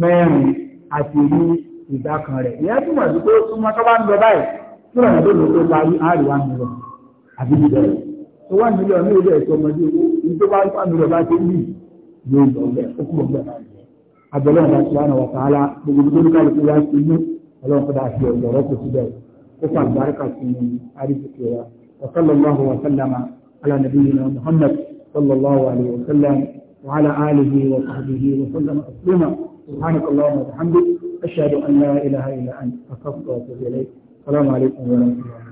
mẹ́rin àti ní ìdá kan rẹ̀ ìyẹn túmọ̀ sí pé ó tóra yẹn lónìí tó parí áàrì wá nílẹ̀ àbí bíbẹ̀rẹ̀ tó wá nílẹ̀ ní ilé ẹ̀tọ́ ọmọdé ní tó bá wá nílẹ̀ bá ti rí yóò lọ bẹ̀ ó kúrò bẹ̀ abẹ́lẹ́ ọ̀dà tí wọ́n wà sàálà gbogbo tó ní kálukú wá sí inú ọlọ́run kọ́dà àti ọ̀dọ̀rọ̀ kò síbẹ̀ ó fà gbárùkà sí ní àríṣìkè wa وصلى الله وسلم على نبينا محمد صلى الله عليه وسلم وعلى آله وصحبه وسلم تسليما سبحانك اللهم وبحمدك أشهد أن لا إله إلا أنت أستغفرك وأتوب إليك Assalamu alaikum wa rahmatullahi